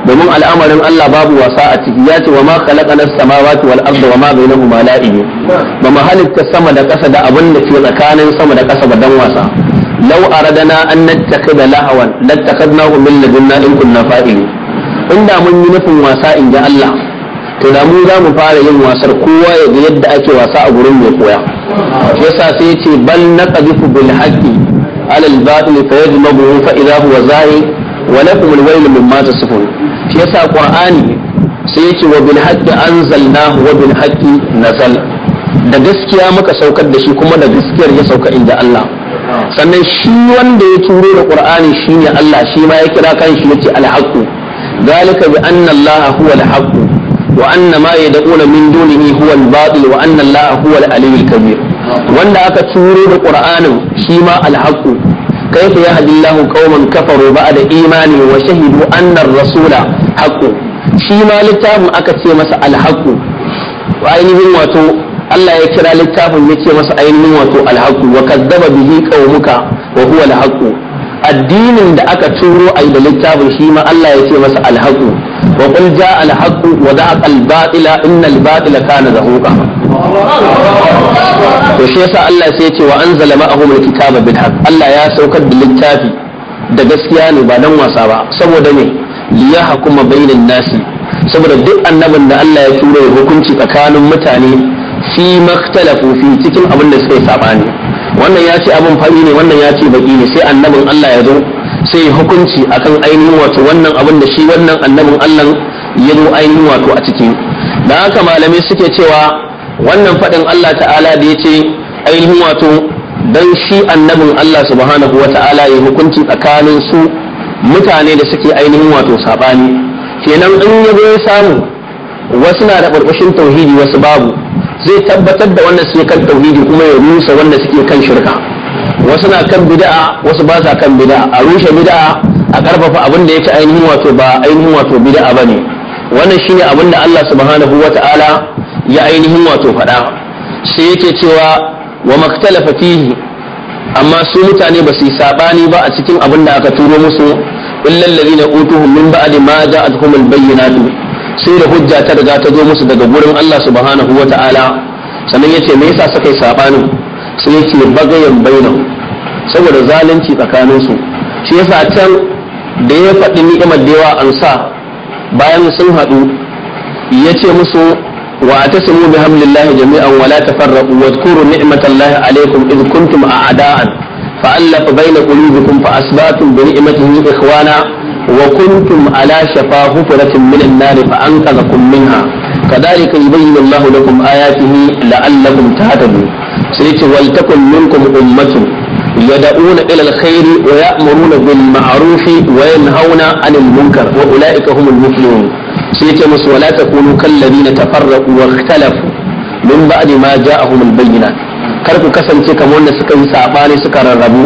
domin al'amarin Allah babu wasa a ciki ya ce wa ma khalaqana samawati wal arda wa ma bainahuma la'ibun ba mu halitta sama da ƙasa da abin da ke tsakanin sama da ƙasa ba dan wasa law aradana an nattakhidha lahawan lattakhadnahu min ladunna in kunna fa'ilin inda mun yi nufin wasa in ji Allah to da mu za mu fara yin wasar kowa ya ga yadda ake wasa a gurin mai koya yasa sai ya ce bal naqdhu bil haqqi ala al batil fa yajmabuhu fa idha huwa zahi wa lakum al wayl mimma tasifun yasa qur'ani sai ce wa bil haqqi anzalnahu wa bil haqqi nazal da gaskiya muka saukar da shi kuma da gaskiyar ya sauka inda Allah sannan shi wanda ya turo da qur'ani shine Allah shi ma ya kira kan shi yace al haqqu bi بأن الله هو wa anna ma yad'una min dunihi huwa al-batil wa anna Allah kabir wanda aka turo da Qur'anin shi ma al-haqq kaifa yahdillahu qauman kafaru da imani wa shahidu anna rasula haqq shi ma littafin aka ce masa al wa ainihin wato Allah ya kira littafin ya ce masa ainihin wato alhaku. haqq wa kadzaba bihi qaumuka wa huwa al addinin da aka turo a da littafin shi ma Allah ya ce masa alhaku, wa qul jaa alhaqu wa zaqa albatila inna albatila kana zahuqa to shi yasa Allah sai ya ce wa anzala ma'ahum alkitaba bil Allah ya saukar da littafi da gaskiya ne ba dan wasa ba saboda me liyahkuma bainan nasi saboda duk annabin da Allah ya turo ya hukunci tsakanin mutane fi maktalafu fi cikin abin da suka yi sabani wannan ya ce abin fari ne wannan ya ce baki ne sai annabin Allah ya zo sai hukunci akan ainihin wato wannan abin da shi wannan annabin Allah ya zo ainihin wato a ciki da haka malamai suke cewa wannan faɗin Allah ta'ala da ya ce ainihin wato dan shi annabin Allah subhanahu wa ta'ala ya hukunci tsakanin su mutane da suke ainihin wato sabani kenan in ya zo ya samu wasu na da ɓarɓashin tauhidi wasu babu zai tabbatar da wanda suke kan tauhidi kuma ya rusa wanda suke kan shirka wasu na kan bid'a wasu ba sa kan bid'a a rushe bid'a a karfafa abin da yake ainihin wato ba ainihin wato bid'a bane wannan shine abin da Allah subhanahu wata'ala ya ainihin wato faɗa sai yake cewa wa maktalafa fihi amma su mutane ba su yi sabani ba a cikin abin da aka turo musu illal ladina utuhum min ba'di ma ja'atuhum al-bayyinatu sai da hujja ta riga ta zo musu daga gurin Allah subhanahu wa ta'ala sannan ya ce me yasa suka yi sabanin sai yake bagayen baina saboda zalunci tsakanin su shi yasa can da ya faɗi ni'imar da yawa an sa bayan sun haɗu ya ce musu wa tasimu bi hamdillahi jami'an wa la tafarraqu wa dhkuru ni'matallahi alaykum id kuntum a'da'an فألف fa قلوبكم فأصبحتم بنعمته إخوانا وكنتم على شفا حفرة من النار فأنقذكم منها كذلك يبين الله لكم آياته لعلكم تهتدون سيت ولتكن منكم أمة يدعون إلى الخير ويأمرون بالمعروف وينهون عن المنكر وأولئك هم المفلحون سيت ولا تكونوا كالذين تفرقوا واختلفوا من بعد ما جاءهم البينات kar ku kasance kamar wanda suka yi sabani suka rarrabu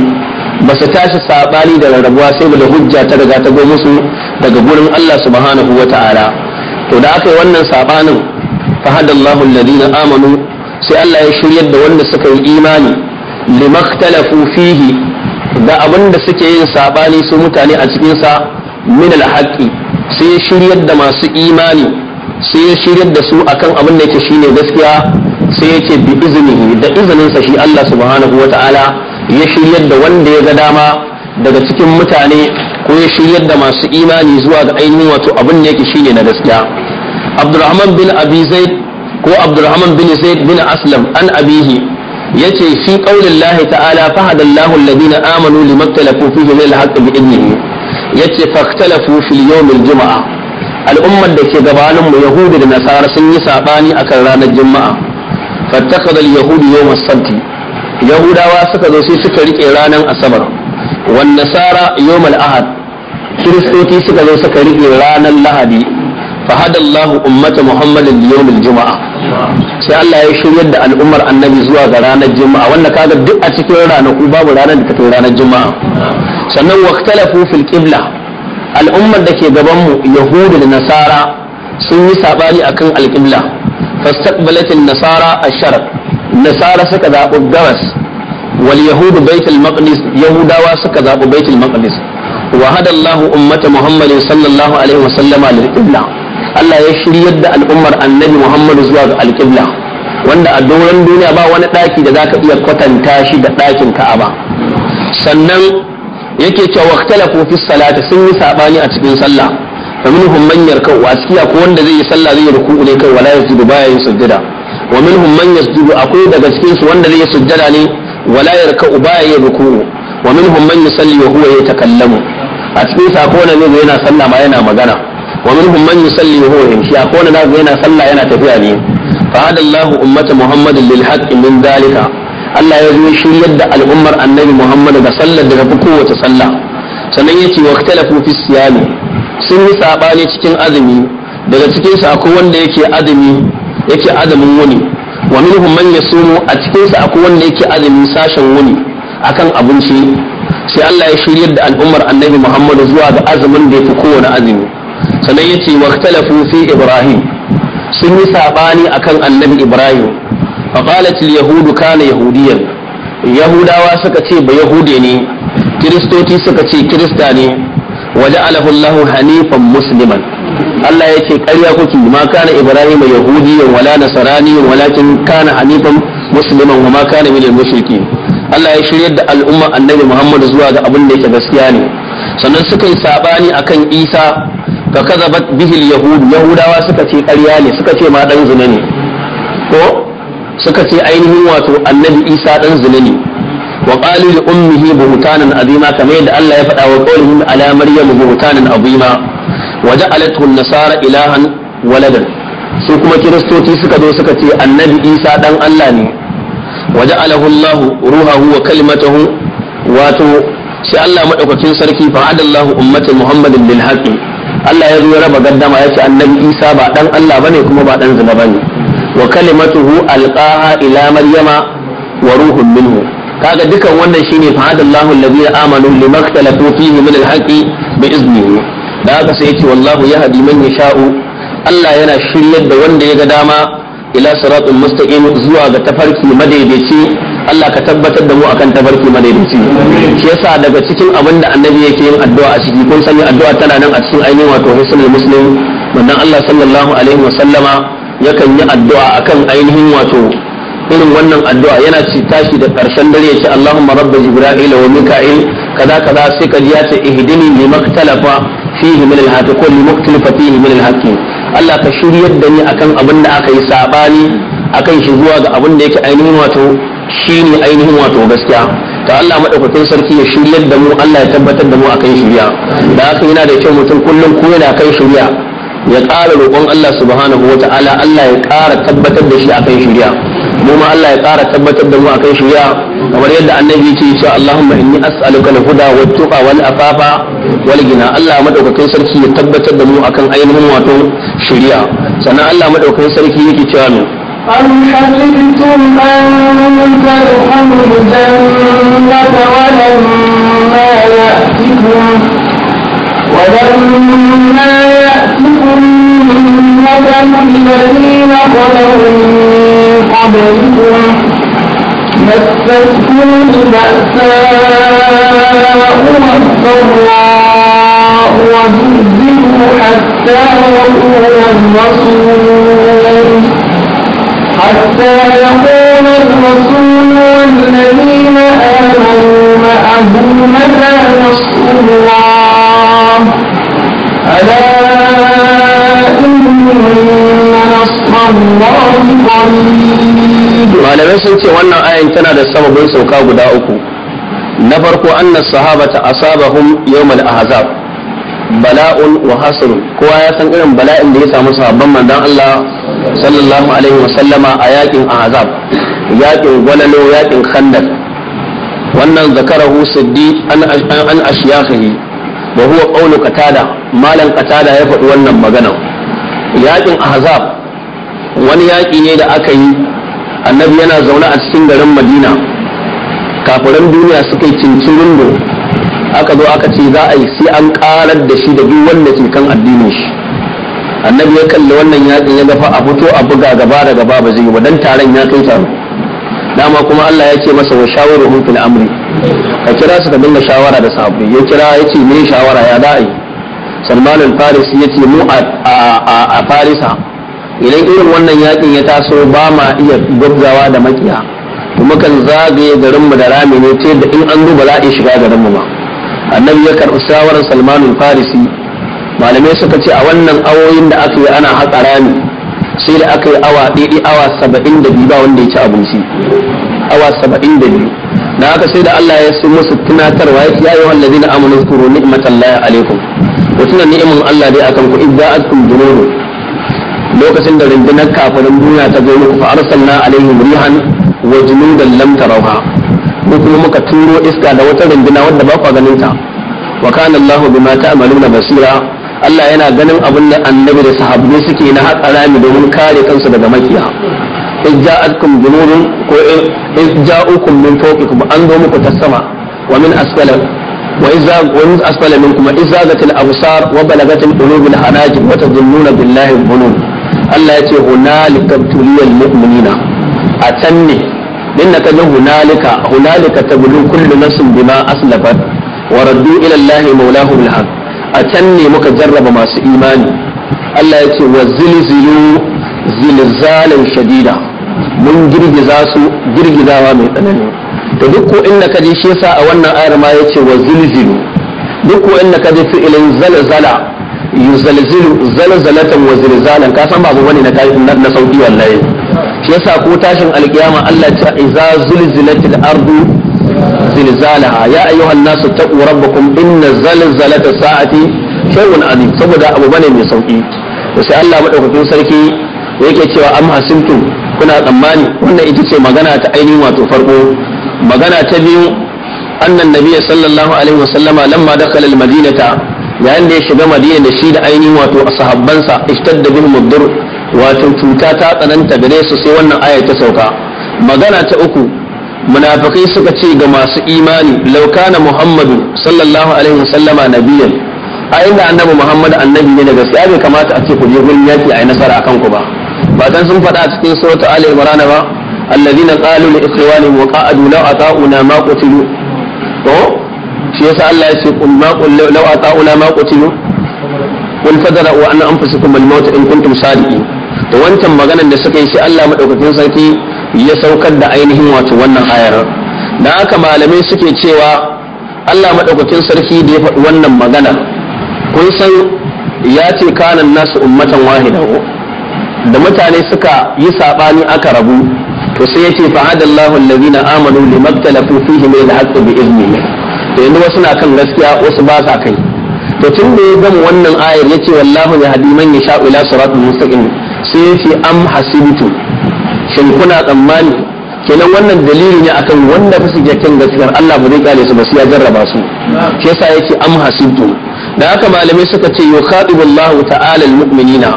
ba su tashi sabani da rarrabuwa sai da hujja ta riga ta go musu daga gurin Allah subhanahu wa ta'ala to da aka yi wannan sabanin hadallahu alladhina amanu sai Allah ya shiryar da wanda suka yi imani limaktalafu fihi da abin da suke yin sabani su mutane a cikin sa min alhaqi sai ya shiryar da masu imani sai ya shiryar da su akan abin da yake shine gaskiya sai yake bi izini. da izininsa shi Allah subhanahu wa ta'ala ya shiryar da wanda ya ga dama daga cikin mutane ko ya shiryar da masu imani zuwa ga ainihin wato abin da yake shine na gaskiya abdurrahman bin abi zaid ko abdurrahman bin zaid bin aslam an abihi yace fi qaulillahi ta'ala fahadallahu alladhina amanu limaktalafu fihi min alhaqqi bi idnihi yace faktalafu fil yawmil juma'a al'ummar da ke gabanin mu yahudi da nasara sun yi sabani akan ranar juma'a fattakhadha al-yahudu yawm as-sabti yahudawa suka zo sai suka rike ranar asabar wan nasara yawmal ahad kiristoci suka zo suka rike ranar lahadi فهدى ummata أمة محمد ليوم الجمعة sai Allah ya shiryar da al'ummar annabi zuwa ga ranar juma'a wannan kaga duk a cikin ranaku babu ranar da ta ranar juma'a sannan waqtalafu fil qibla al'ummar da ke gaban mu yahudu da nasara sun yi sabani akan al-qibla fastaqbalat an-nasara ash-sharq nasara suka zaɓi garas, wal yahudu baitul maqdis yahudawa suka zaɓi baitul maqdis wa hada Allah ummata Muhammadin sallallahu alaihi wa sallama lil qibla Allah ya shiryar da al'ummar annabi Muhammad zuwa ga al-qibla wanda a doron duniya ba wani ɗaki da zaka iya kwatanta shi da ɗakin Ka'aba sannan yake cewa waqtalafu fi salati sun yi sabani a cikin sallah fa minhum man yarka'u askiya ko wanda zai yi sallah zai ruku'u ne kai wala yajidu baya yin sujjada wa minhum man yasjudu akwai daga cikin wanda zai sujjada ne wala yarka'u baya ya ruku'u wa minhum man yusalli wa huwa yatakallamu a cikin sa ko wanda zai yana sallah ma yana magana wa minhum man yusalli wa huwa yamshi ko wanda zai yana sallah yana tafiya ne fa hada Allah ummata Muhammadin lil haqqi dalika Allah ya zo shiryar da al'ummar annabi Muhammadu ga sallar da tafi kowace sallah sannan yace wa ikhtalafu fi siyami sun yi saɓani cikin azumi daga cikin sa akwai wanda yake azumi yake azumin wuni wa minhum man yasumu a cikin sa akwai wanda yake azumin sashen wuni akan abinci sai Allah ya shiryar da al'ummar Annabi Muhammad zuwa ga azumin da yafi kowane azumi sannan yace waqtalafu fi Ibrahim sun yi sabani akan Annabi Ibrahim fa qalat al yahudu kana yahudiyan yahudawa suka ce ba yahude ne kiristoci suka ce kirista ne waja'alahu Allahu hanifan musliman Allah ya ce ƙarya kuke ma kana Ibrahim yahudi wala nasraniyan walakin kana hanifan musliman wa ma kana minal mushrikin Allah ya shiryar da al'umma annabi Muhammad zuwa ga abin da yake gaskiya ne sannan suka yi sabani akan Isa ka kazabat bihil yahud yahudawa suka ce ƙarya ne suka ce ma dan zina ne ko suka ce ainihin wato annabi Isa dan zina ne wa qalu li ummihi buhtanan azima kamar yadda Allah ya faɗa wa qawlihi ala maryam buhtanan azima waje alatul nasara ilahan waladan su kuma kiristoci suka zo suka ce annabi isa dan allah ne waje alahullahu ruhahu wa kalimatahu wato shi allah maɗaukakin sarki fa'adallahu ummatin muhammadin bil allah ya zo ya raba gaddama ya ce annabi isa ba dan allah bane kuma ba dan zina bane wa kalimatuhu alqaha ila maryama wa ruhun minhu kaga dukan wannan shine fa'adallahu alladhina amanu limaktalafu fihi min al bi iznihi da aka sai yace wallahu yahdi man yasha'u Allah yana shiryar da wanda ya ga dama ila siratul mustaqim zuwa ga tafarki madaidaici Allah ka tabbatar da mu akan tafarki madaidaici shi yasa daga cikin abin da annabi yake yin addu'a a ciki kun sanya addu'a tana nan a cikin ainihin wato hisnul muslim wannan Allah sallallahu alaihi wa sallama yakan yi addu'a akan ainihin wato irin wannan addu'a yana ci tashi da ƙarshen dare ya ce Allahumma rabba jibril wa mika'il kaza kaza sai ka ji ya ce ihdini limaktalafa fihi min al ko li muktalifa fihi min Allah ka shiryar da ni akan abin da aka yi saɓani, akan shi ga abin da yake ainihin wato shine ainihin wato gaskiya ta Allah madaukakin sarki ya shiryar da mu Allah ya tabbatar da mu akan shiriya da haka yana da kyau mutum kullum ko yana kan shiriya ya ƙara roƙon Allah subhanahu wa ta'ala Allah ya ƙara tabbatar da shi akan shiriya mu ma Allah ya ƙara tabbatar da mu akan shari'a kamar yadda annabi yake cewa Allahumma inni as'aluka al-huda wa tuqa wal afafa wal gina Allah madaukakin sarki ya tabbatar da mu akan ainihin wato shari'a sannan Allah madaukakin sarki yake cewa mu أم حسبتم أن تدخلوا الجنة ولما يأتكم ولما يأتكم مثل الذين خلوا قبلهم مستهم البأساء والضراء وزلزلوا حتى يقول الرسول حتى يقول الرسول والذين آمنوا معه متى نصر الله ألا إن نصر الله malamai sun ce wannan ayan tana da sababin sauka guda uku na farko anna sahabata asabahum yawmal ahzab bala'un wa kowa ya san irin bala'in da ya samu sahabban manzon Allah sallallahu alaihi wa sallama a yakin ahzab yakin gwalalo yakin khandaq wannan zakarahu siddiq an an wa huwa qawlu qatada malan qatada ya faɗi wannan magana yakin ahzab wani yaƙi ne da aka yi annabi yana zaune a cikin garin madina kafiran duniya suka yi cincirin da aka zo aka ce za a yi sai an karar da shi da duk wanda ke kan addinin shi annabi ya kalli wannan yaƙin ya gafa a fito a buga gaba da gaba ba zai ba dan taron ya kai taro dama kuma Allah ya ce masa wa shawaruhum fil amri ka kira su ka dinga shawara da sabbi ya kira ya ce me shawara ya da'i Salman al-Farisi ya ce mu a Farisa idan irin wannan yakin ya taso ba ma iya gwabzawa da makiya kuma kan zagaye garinmu da rami ne ce da in an duba za a shiga garinmu ba annabi ya karɓi shawarar salmanul farisi malamai suka ce a wannan awoyin da aka yi ana haƙa rami sai da aka yi awa ɗaiɗi awa saba'in da biyu ba wanda ya ci abinci awa saba'in da biyu haka sai da Allah ya sai musu tunatarwa ya ya yi wallazi na Amunin kuro ni'matallahi alaikum Ku tuna ni'imin Allah dai akan ku idza azkum lokacin da rundunar kafirin duniya ta zo muku fa arsalna alaihim rihan wa junudan lam tarawha ko kuma muka turo iska da wata runduna wadda ba ku ganin ta wa kana Allah bima ta'maluna basira Allah yana ganin abin da annabi da sahabbai suke na haƙa rami domin kare kansu daga makiya in ja'atkum junudun ko in ja'ukum min fawqikum an zo muku ta sama wa min asfala wa iza wa asfala minkum izazatil absar wa balagatil qulubul hanajib wa tadhunnuna billahi dhunub Allah ya ce hunalika tuliyal mu'minina a can ne din na kaji hunalika hunalika tabulu kullu nafsin bima aslafat wa raddu ila Allah maulahu bil a can ne muka jarraba masu imani Allah ya ce wa zilzilu zilzalan shadida mun girgiza su girgizawa mai tsanani to duk ko inda kaji shi yasa a wannan ayar ma yace wa zilzilu duk ko inda kaji fi'ilin zalzala yuzalzilu zalzalatan wa zilzalan ka san babu wani na na sauki wallahi shi yasa ko tashin alkiyama Allah ta iza zulzilatil ardu zilzalaha ya ayyuhan nasu taqu rabbakum inna zalzalata sa'ati shay'un azim saboda abu bane mai sauki to sai Allah madaukakin sarki yake cewa am hasimtum kuna tsammani wannan ita ce magana ta ainihin wato farko magana ta biyu annan nabiyyi sallallahu alaihi wasallama lamma dakhala al-madinata yayin da ya shiga madina da shi da ainihin wato sahabbansa ishtadda bihim mudur wato cuta ta tsananta gare su sai wannan aya ta sauka magana ta uku munafikai suka ce ga masu imani laukana muhammadu sallallahu alaihi wasallama nabiyan a inda annabi muhammad annabi ne daga gaskiya bai kamata a ce ku je gurin yaki a yi nasara a ku ba ba sun faɗa a cikin suratul ali imran ba alladhina qalu li ikhwanihim wa qa'adu law ata'una ma qutilu to shi yasa Allah ya ce qul ma qul law ata'una ma qutilu qul fadara wa anna anfusakum al maut in kuntum sadiqin to wancan maganar da suka yi sai Allah madaukakin sarki ya saukar da ainihin wato wannan ayar da aka malamai suke cewa Allah madaukakin sarki da ya faɗi wannan magana kun san ya ce kanan nasu ummatan wahida da mutane suka yi sabani aka rabu to sai ya ce fa'adallahu allazina amanu limaktalafu fihi min al-haqqi bi iznihi Da yanzu wasu na kan gaskiya wasu ba sa kai to tun da ya gama wannan ayar ya yace wallahu ya hadi man sha'u ila siratul mustaqim sai ce am hasibtu shin kuna tsammani kenan wannan dalili ne akan wanda fa suke kan gaskiyar Allah ba zai kale su ba sai ya jarraba su shi yasa yace am hasibtu da haka malamai suka ce yukhadibu Allah ta'ala almu'minina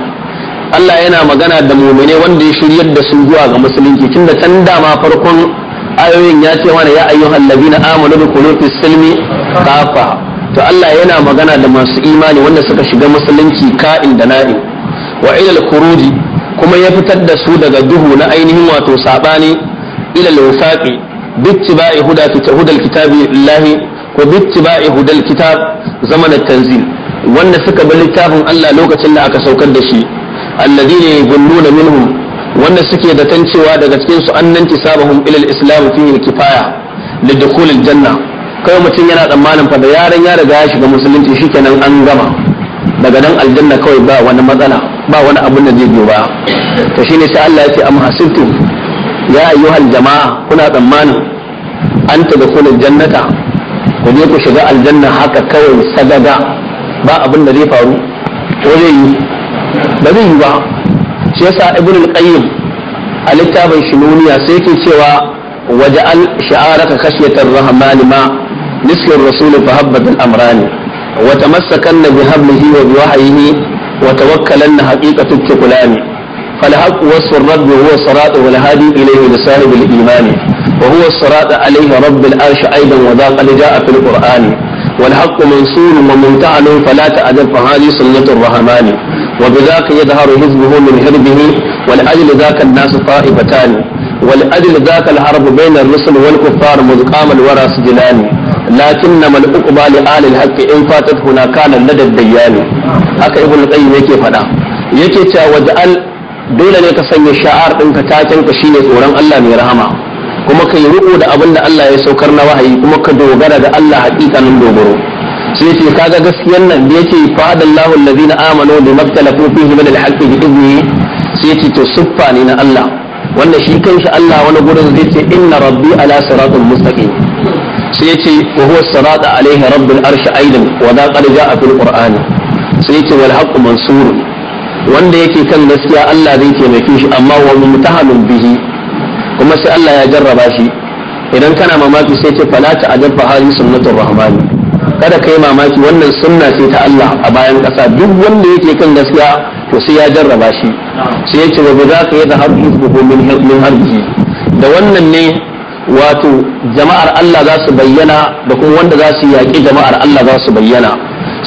Allah yana magana da mu'mine wanda ya shiryar da su zuwa ga musulunci tunda can dama farkon ayoyin ya ce mana ya ayyuhan ladina amanu dukhulu fis silmi kafa to Allah yana magana da masu imani wanda suka shiga musulunci ka'in da na'in wa ilal khuruji kuma ya fitar da su daga duhu na ainihin wato sabani ilal wasaqi bittiba'i hudatu tahudal kitabi lillahi wa bittiba'i hudal kitab zaman tanzil wanda suka bi littafin Allah lokacin da aka saukar da shi alladhina yabunnuna minhum wanda suke da tancewa daga cikin su annan tisabahum ilal islam fihi kifaya da dukhulil janna kai mutum yana tsammanin fa da yaran ya riga ya shiga musulunci shikenan an gama daga nan aljanna kawai ba wani matsala ba wani abin da zai biyo ba to shine sai Allah ya ce am hasibtu ya ayyuhal jama'a kuna tsammanin an tadkhulul jannata ku je ku shiga aljanna haka kawai sadaga ba abin da zai faru ko zai yi ba zai yi ba shi yasa ibn al-qayyim a littafin shinuniya sai yake cewa al' sha'araka khashyatar rahmani ma nisfi rasul fa habbatul amrani wa tamassakanna bi hablihi wa bi wahyihi wa tawakkalanna haqiqatul tuqlani fal haqq wasu rabb huwa sirata wal hadi ilayhi li sahib al iman wa huwa sirata alayhi rabb al arsh aidan wa dhaqa li ja'a fil qur'ani والحق منصور ممتعن فلا تأذن فهذه سنة الرحمن وبذاك يظهر حزبه من حربه والأجل ذاك الناس طائفتان والأجل ذاك الحرب بين الرسل والكفار مذ قام الورى سجلان لكنما الأقبى لآل الحق إن فاتت هنا كان لدى الديان هكا ابن القيم يكي فدا يكي تا وجعل dole ne ka sanya sha'ar ɗinka takenka shine tsoron Allah mai rahama kuma ka yi riko da abin da Allah ya saukar na wahayi kuma ka dogara da Allah haƙiƙanin dogaro sai ce kaga gaskiyar nan da yake fadallahu allazina amanu bi maktalafu fihi min alhaqqi bi idni sai ce to suffa ne na Allah wanda shi kanshi Allah wani gurin zai ce inna rabbi ala siratul mustaqim sai ce wa huwa sirata alaihi rabbul arshi aidan wa da qad jaa fil qur'an sai ce wal haqqu mansur wanda yake kan gaskiya Allah zai taimake shi amma wa mutahanun bihi kuma sai Allah ya jarraba shi idan kana mamaki sai ce fala ta ajabba hali sunnatur rahmani kada ka yi mamaki wannan sunna ce ta Allah a bayan ƙasa duk wanda yake kan gaskiya to sai ya jarraba shi sai ya ce wa za ka yi da harbi min harbi da wannan ne wato jama'ar Allah za su bayyana da kuma wanda za su yaƙi jama'ar Allah za su bayyana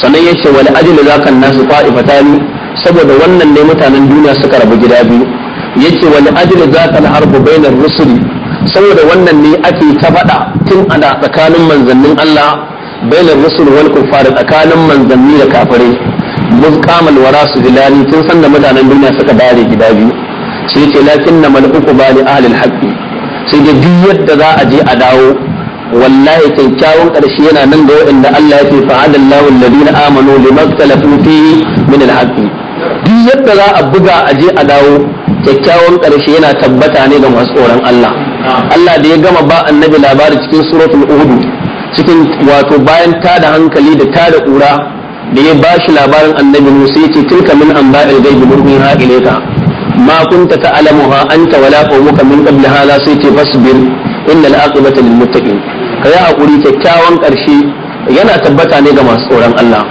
sannan ya ce wal ajli zaka nasu fa'ifatani saboda wannan ne mutanen duniya suka rabu gida biyu yace wal ajli zaka harbu bainar rusuli saboda wannan ne ake ta faɗa tun ana tsakanin manzannin Allah bainar rusul wal kuffar tsakanin manzanni da kafirai mun kamal wara su bilani tun san da mutanen duniya suka dare gida biyu sai ce lakin na mal'uku ba li ahlil haqqi sai da duk yadda za a je a dawo wallahi kyakkyawan karshe yana nan ga waɗanda Allah ya ce fa'ada Allahu alladhina amanu limaktalafu fihi min alhaqqi duk yadda za a buga a je a dawo kyakkyawan karshe yana tabbata ne ga masu tsoron Allah Allah da ya gama ba annabi labari cikin suratul uhud cikin wato bayan tada hankali da tada ƙura da ya bashi labarin annabi Musa yace tilka min anba'il ghaibi nurhiha ilayka ma kunta ta'lamuha anta wala qawmuka min qabl hala sai ce fasbir innal aqibata lil muttaqin kai hakuri kyakkyawan ƙarshe yana tabbata ne ga masu tsoron Allah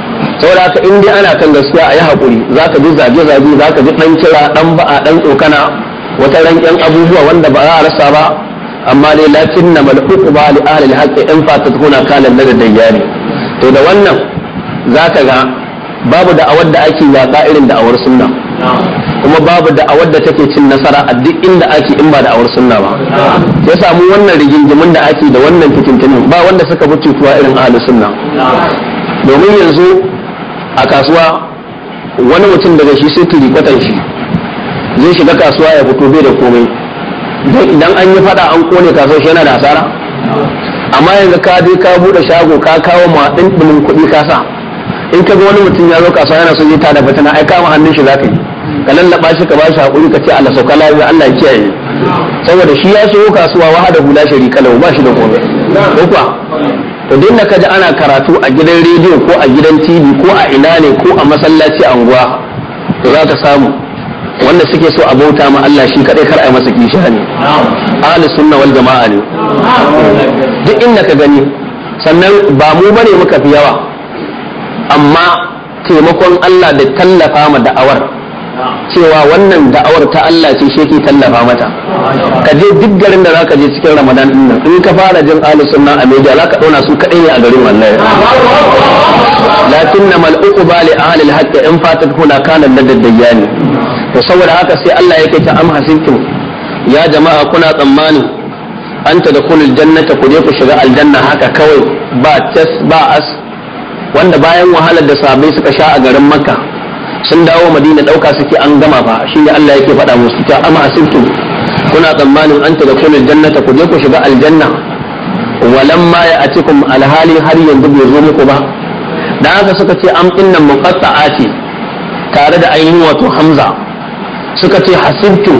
saboda ka, in dai ana kan gaskiya a yi hakuri zaka ji zage zage zaka ji dan kira dan ba'a dan tsokana wata ran abubuwa wanda ba za a rasa ba amma dai lakin na malhuku ba li ahli alhaqi in fatatuna kana lada dayyani to da wannan zaka ga babu da awar da ake yaƙa irin da'awar sunna kuma babu da awar da take cin nasara a duk inda ake in ba da'awar sunna ba ya samu wannan rigingimin da ake da wannan fitintinin ba wanda suka fi cutuwa irin ahli sunna domin yanzu a kasuwa wani mutum daga shi sai turi shi zai shiga kasuwa ya fito bai da komai idan an yi fada an kone kasuwa shi yana da asara amma yanzu ka je ka bude shago ka kawo ma kuɗi ka sa in ka ga wani mutum ya zo kasuwa yana son yi ta da fitina ai kama hannun shi zaka yi ka lallaba shi ka bashi hakuri ka ce Allah sauka lafiya Allah ya kiyaye saboda shi ya shigo kasuwa wahada hula shari kala ba shi da komai ko kuwa to duk da kaji ana karatu a gidan rediyo ko a gidan TV ko a ina ne ko a masallaci anguwa to za ka samu wanda suke so a bauta ma Allah shi kadai kar a yi masa kisha ne ahli sunna wal jama'a ne duk inda ka gani sannan ba mu bane muka fi yawa amma taimakon Allah da tallafa ma da'awar cewa wannan da'awar ta Allah ce shi ke tallafa mata ka je duk garin da zaka je cikin Ramadan din nan in ka fara jin ahli sunna a media zaka dauna su kadai ne a garin wallahi lakinna mal uqba li ahli al-haqq in fatat kuna kana ladad to saboda haka sai Allah kai ta am ya jama'a kuna tsammani an tadkhulul jannata ku je ku shiga aljanna haka kawai ba ba as wanda bayan wahalar da sabai suka sha a garin makka sun dawo madina dauka suke an gama ba, shi ne Allah yake faɗa musu ta am hasibtum kuna tsammanin an tadkhulul jannata ku je ku shiga aljanna walamma ya atikum alhali har yanzu bai zo muku ba da haka suka ce am innan muqatta'a ce tare da ainihin wato hamza suka ce hasibtu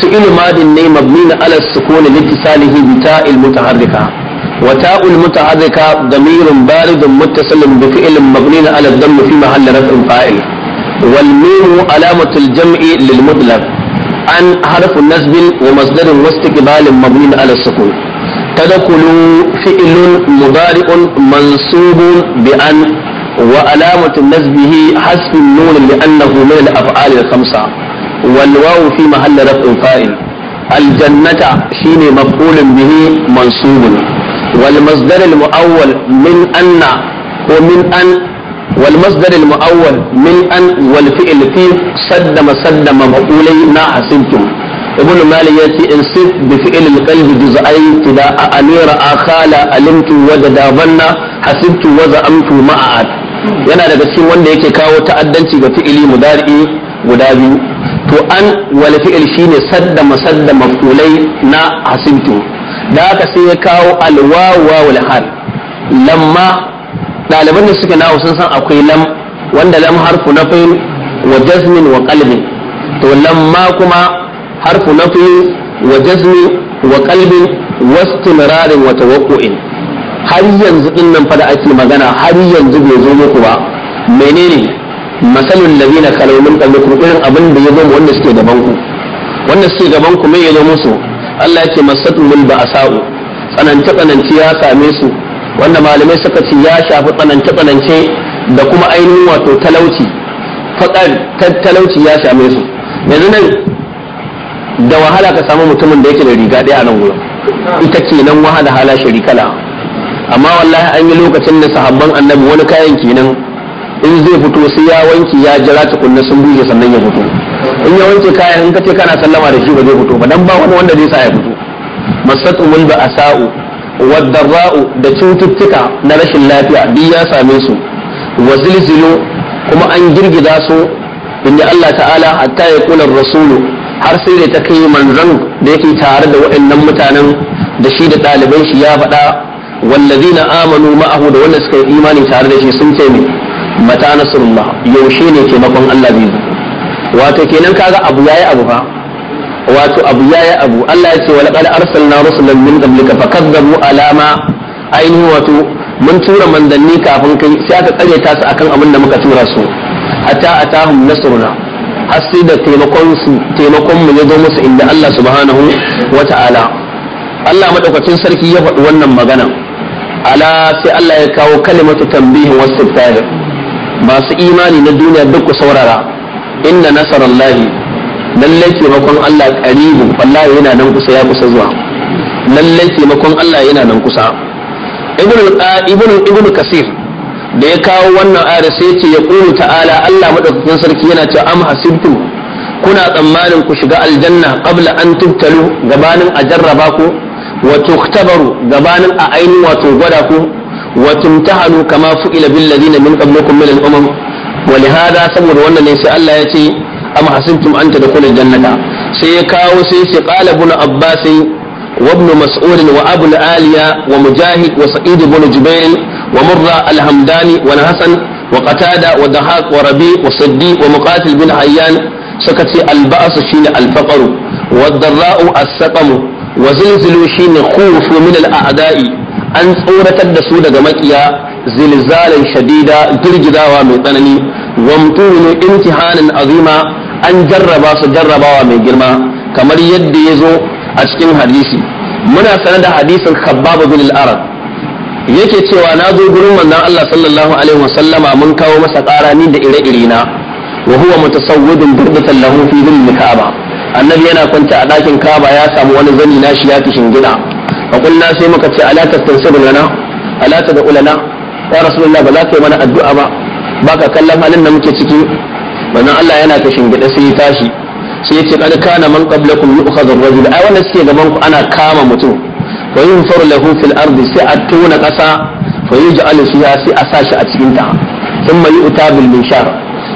fi'il madin ne mabni ala sukun litisalihi bi ta'il mutaharrika wa ta'ul mutaharrika damirun baridun muttasilun bi fi'il mabni ala dhamm fi mahall raf'in fa'il wal mim alamatul jam'i lil mutlaq an harfu nasbin wa masdar wastiqbal mabni ala sukun تدخلوا فعل مضارع منصوب بأن وعلامة نسبه حسب النون لأنه من الأفعال الخمسة wal wawu fi mahalli raf'in fa'il aljannata shine maf'ulun bihi mansubun wal masdar al muawwal min anna ko min an wal masdar al saddama saddama maf'ulai na asibtum ibn malik yace in sif bi fi'l al qalbi juz'ain tida amira akhala alimtu wa dadabanna hasibtu wa za'amtu ma'at yana daga cikin wanda yake kawo ta'addanci ga fi'ili mudari guda biyu to an wal fi'il shine sadda masadda maf'ulai na hasintu da aka sai ya kawo al wawa wal lamma ɗaliban da suke nawo sun san akwai lam wanda lam harfu nafin wa jazmin wa qalbin to lamma kuma harfu nafin wa jazmin wa qalbin wa wa tawaqqu'in har yanzu din nan fa da ake magana har yanzu bai zo muku ba menene da ladina khalu min kuma irin abin da ya zo wanda suke gaban ku wanda suke gaban ku me ya zo musu Allah ya ce masatul ba'sa'u tsananta tsananci ya same su wanda malamai suka ce ya shafi tsananta tsanance da kuma ainihin wato talauci faƙar talauci ya same su yanzu nan da wahala ka samu mutumin da yake da riga ɗaya a nan gudu? ita ke nan wahala hala shirikala kala amma wallahi an yi lokacin da sahabban annabi wani kayan kenan in zai fito sai ya wanke ya jira tukunna sun buje sannan ya fito in ya wanke kayan in kace kana sallama da shi ba zai fito ba dan ba wani wanda zai sa ya fito masatumul ba asa'u wa wadarra'u da cututtuka na rashin lafiya bi ya same su wa zilzilu kuma an girgiza su inda Allah ta'ala hatta ya kula rasulu har sai da ta kai manzon da yake tare da waɗannan mutanen da shi da ɗaliban shi ya faɗa wallazina amanu ma'ahu da wanda suka yi imani tare da shi sun ce mata nasrullah yaushe ne taimakon Allah zai zo wato kenan kaga abu yayi abu fa wato abu yayi abu Allah ya ce wa laqad arsalna rusulan min qablika fakazzabu alama ainihi wato mun tura mandanni kafin kai sai aka tsare ta su akan abin da muka tura su hatta atahum nasruna har sai da taimakon su taimakon mu ya zo musu inda Allah subhanahu wata'ala Allah madaukakin sarki ya faɗi wannan magana ala sai Allah ya kawo kalimatu tambihin wasu tarihi masu imani na duniya duk ku saurara inna nasarallahi lallai taimakon Allah qaribu wallahi yana nan kusa ya kusa zuwa lallai taimakon Allah yana nan kusa ibnu ibnu ibnu kasir da ya kawo wannan ayar sai ce ya qulu ta'ala Allah madaukakin sarki yana cewa am hasibtu kuna tsammanin ku shiga aljanna qabla an tubtalu gabanin a jarraba ku wa tuktabaru gabanin a ainihin wato gwada ku wa tumtahanu kama fu'ila bil ladina min qablikum min al umam wa saboda wannan ne sai Allah ya ce am hasintum an tadkhulul jannata sai ya kawo sai sai qala ibn abbas wa ibn wa abul aliya wa mujahid wa sa'id ibn jubair wa murra al hamdani hasan wa qatada wa rabi wa siddi wa muqatil bin hayyan suka ce al ba's shine al faqru wa ad-darra'u as-saqamu wa zilzilu shine khufu min al a'da'i an tsoratar da su daga makiya zilzalan shadida girgizawa mai tsanani wamtunu imtihanin azima an jarraba su jarrabawa mai girma kamar yadda ya zo a cikin hadisi muna sanar da hadisin khabbab bin al-arab yake cewa na zo gurin manzon Allah sallallahu alaihi wasallama mun kawo masa ni da ire-ire na wa huwa mutasawwidun birdatan lahu fi dhil kaaba annabi yana kwanta a dakin kaaba ya samu wani zani na ya kishin shingina. فقلنا sai muka ce ala tastansir lana ala tad'u lana ya rasulullah ba za ka yi mana addu'a ba baka kallon halin da muke ciki wannan Allah yana ta shingida sai ya tashi sai ya ce kad kana man qablakum yu'khadhu ar-rajul ai wannan suke gaban ku ana kama mutum fa yunfaru lahu fil ardi sai a tona kasa fa yuj'alu fiha sai a sashi a cikin ta thumma yu'ta bil minshar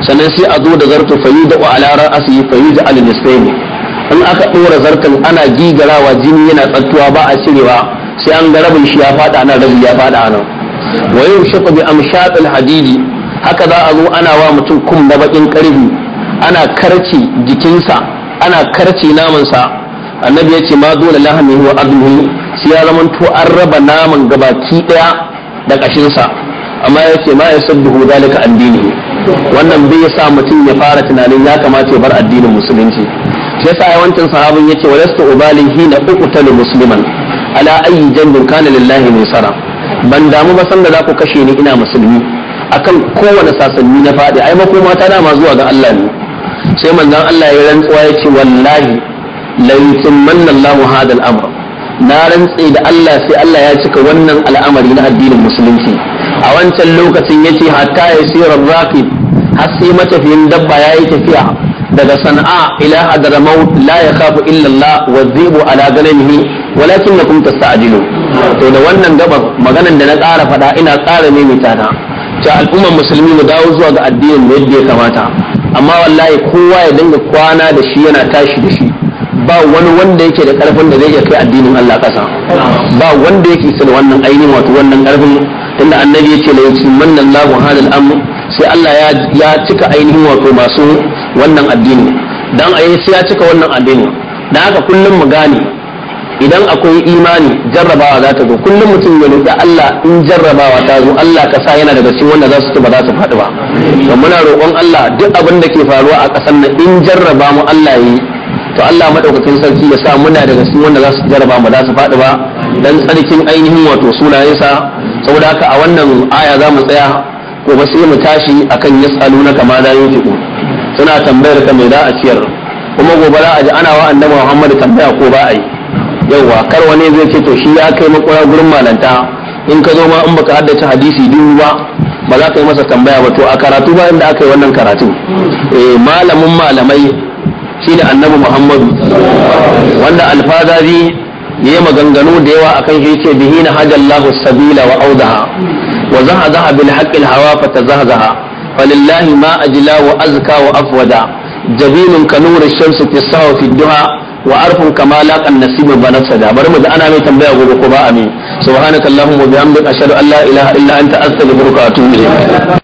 sannan sai a zo da zarto fa yud'u ala ra'si fa yuj'alu nisfaini in aka ɗora zartan ana gigarawa jini yana tsattuwa ba a cirewa sai an ga rabin shi ya faɗa nan rabin ya faɗa nan wa yau shi bi amshaɗin hadidi haka za a zo ana wa mutum kun da baƙin ƙarfi ana karce jikinsa ana karce namansa annabi ya ce ma dole lahami wa azumi sai ya zama to an raba naman gabaki ɗaya da ƙashinsa amma yace ce ma ya sabbihu zalika addini wannan bai sa mutum ya fara tunanin ya kamata ya bar addinin musulunci shi yasa ai wancan yake wa lasta ubali hina uqtalu musliman ala ayyi jambin kana lillahi min sara ban damu ba sanda za ku kashe ni ina musulmi akan kowane sasanni na fadi, ai makoma ta dama zuwa ga Allah ne sai manzon Allah ya rantsuwa yake wallahi laitin yutimmanna Allahu hadal amr na rantse da Allah sai Allah ya cika wannan al'amari na addinin musulunci a wancan lokacin ya ce hatta ya sira rafid har sai matafiyin dabba yayi tafiya daga sana'a ila hadar maut la yakhafu illa Allah wa zibu ala ganamihi walakinnakum tasta'jilu to da wannan gabar maganar da na ƙara faɗa ina ƙara maimaita ta ta al'ummar musulmi mu dawo zuwa ga addinin yadda ya kamata amma wallahi kowa ya dinga kwana da shi yana tashi da shi ba wani wanda yake da karfin da zai iya kai addinin Allah kasa ba wanda yake san wannan ainihin wato wannan karfin tunda annabi yace la yutimmanna Allahu hadal amr sai Allah ya ya cika ainihin wato masu wannan addini dan ayi sai ya cika wannan addini dan haka kullum mu gane idan akwai imani jarrabawa za ta zo kullum mutum ya roƙi Allah in jarrabawa ta zo Allah ka sa yana daga cikin wanda za su ci ba za su faɗi ba to muna roƙon Allah duk abin da ke faruwa a ƙasar nan in jarraba mu Allah yi to Allah madaukakin sarki ya sa muna da cikin wanda za su jaraba mu za su faɗi ba dan tsarkin ainihin wato sunayensa saboda haka a wannan aya za mu tsaya gobe sai mu tashi akan na kama da yake suna tambayar ka mai za a ciyar kuma gobe za a ji ana wa annabi Muhammad tambaya ko ba a yi yauwa kar wani zai ce to shi ya kai makura gurin malanta in ka zo ma in baka haddace hadisi dubu ba ba za ka yi masa tambaya ba to a karatu bayan da aka yi wannan karatu eh, malamin malamai shine annabi muhammadu wanda alfazazi yayi maganganu da yawa akan shi yace bihi na hajallahu sabila wa audaha wa zahazaha bil haqqi hawa fa falillahi ma ajla wa azka wa afwada jabinun kanur ash-shams tisahu fi duha wa arfun kama laqa an-nasib banafsada bari mu da ana mai tambaya gobe ko ba amin subhanakallahumma wa bihamdika ashhadu an la ilaha illa anta astaghfiruka wa atubu ilayk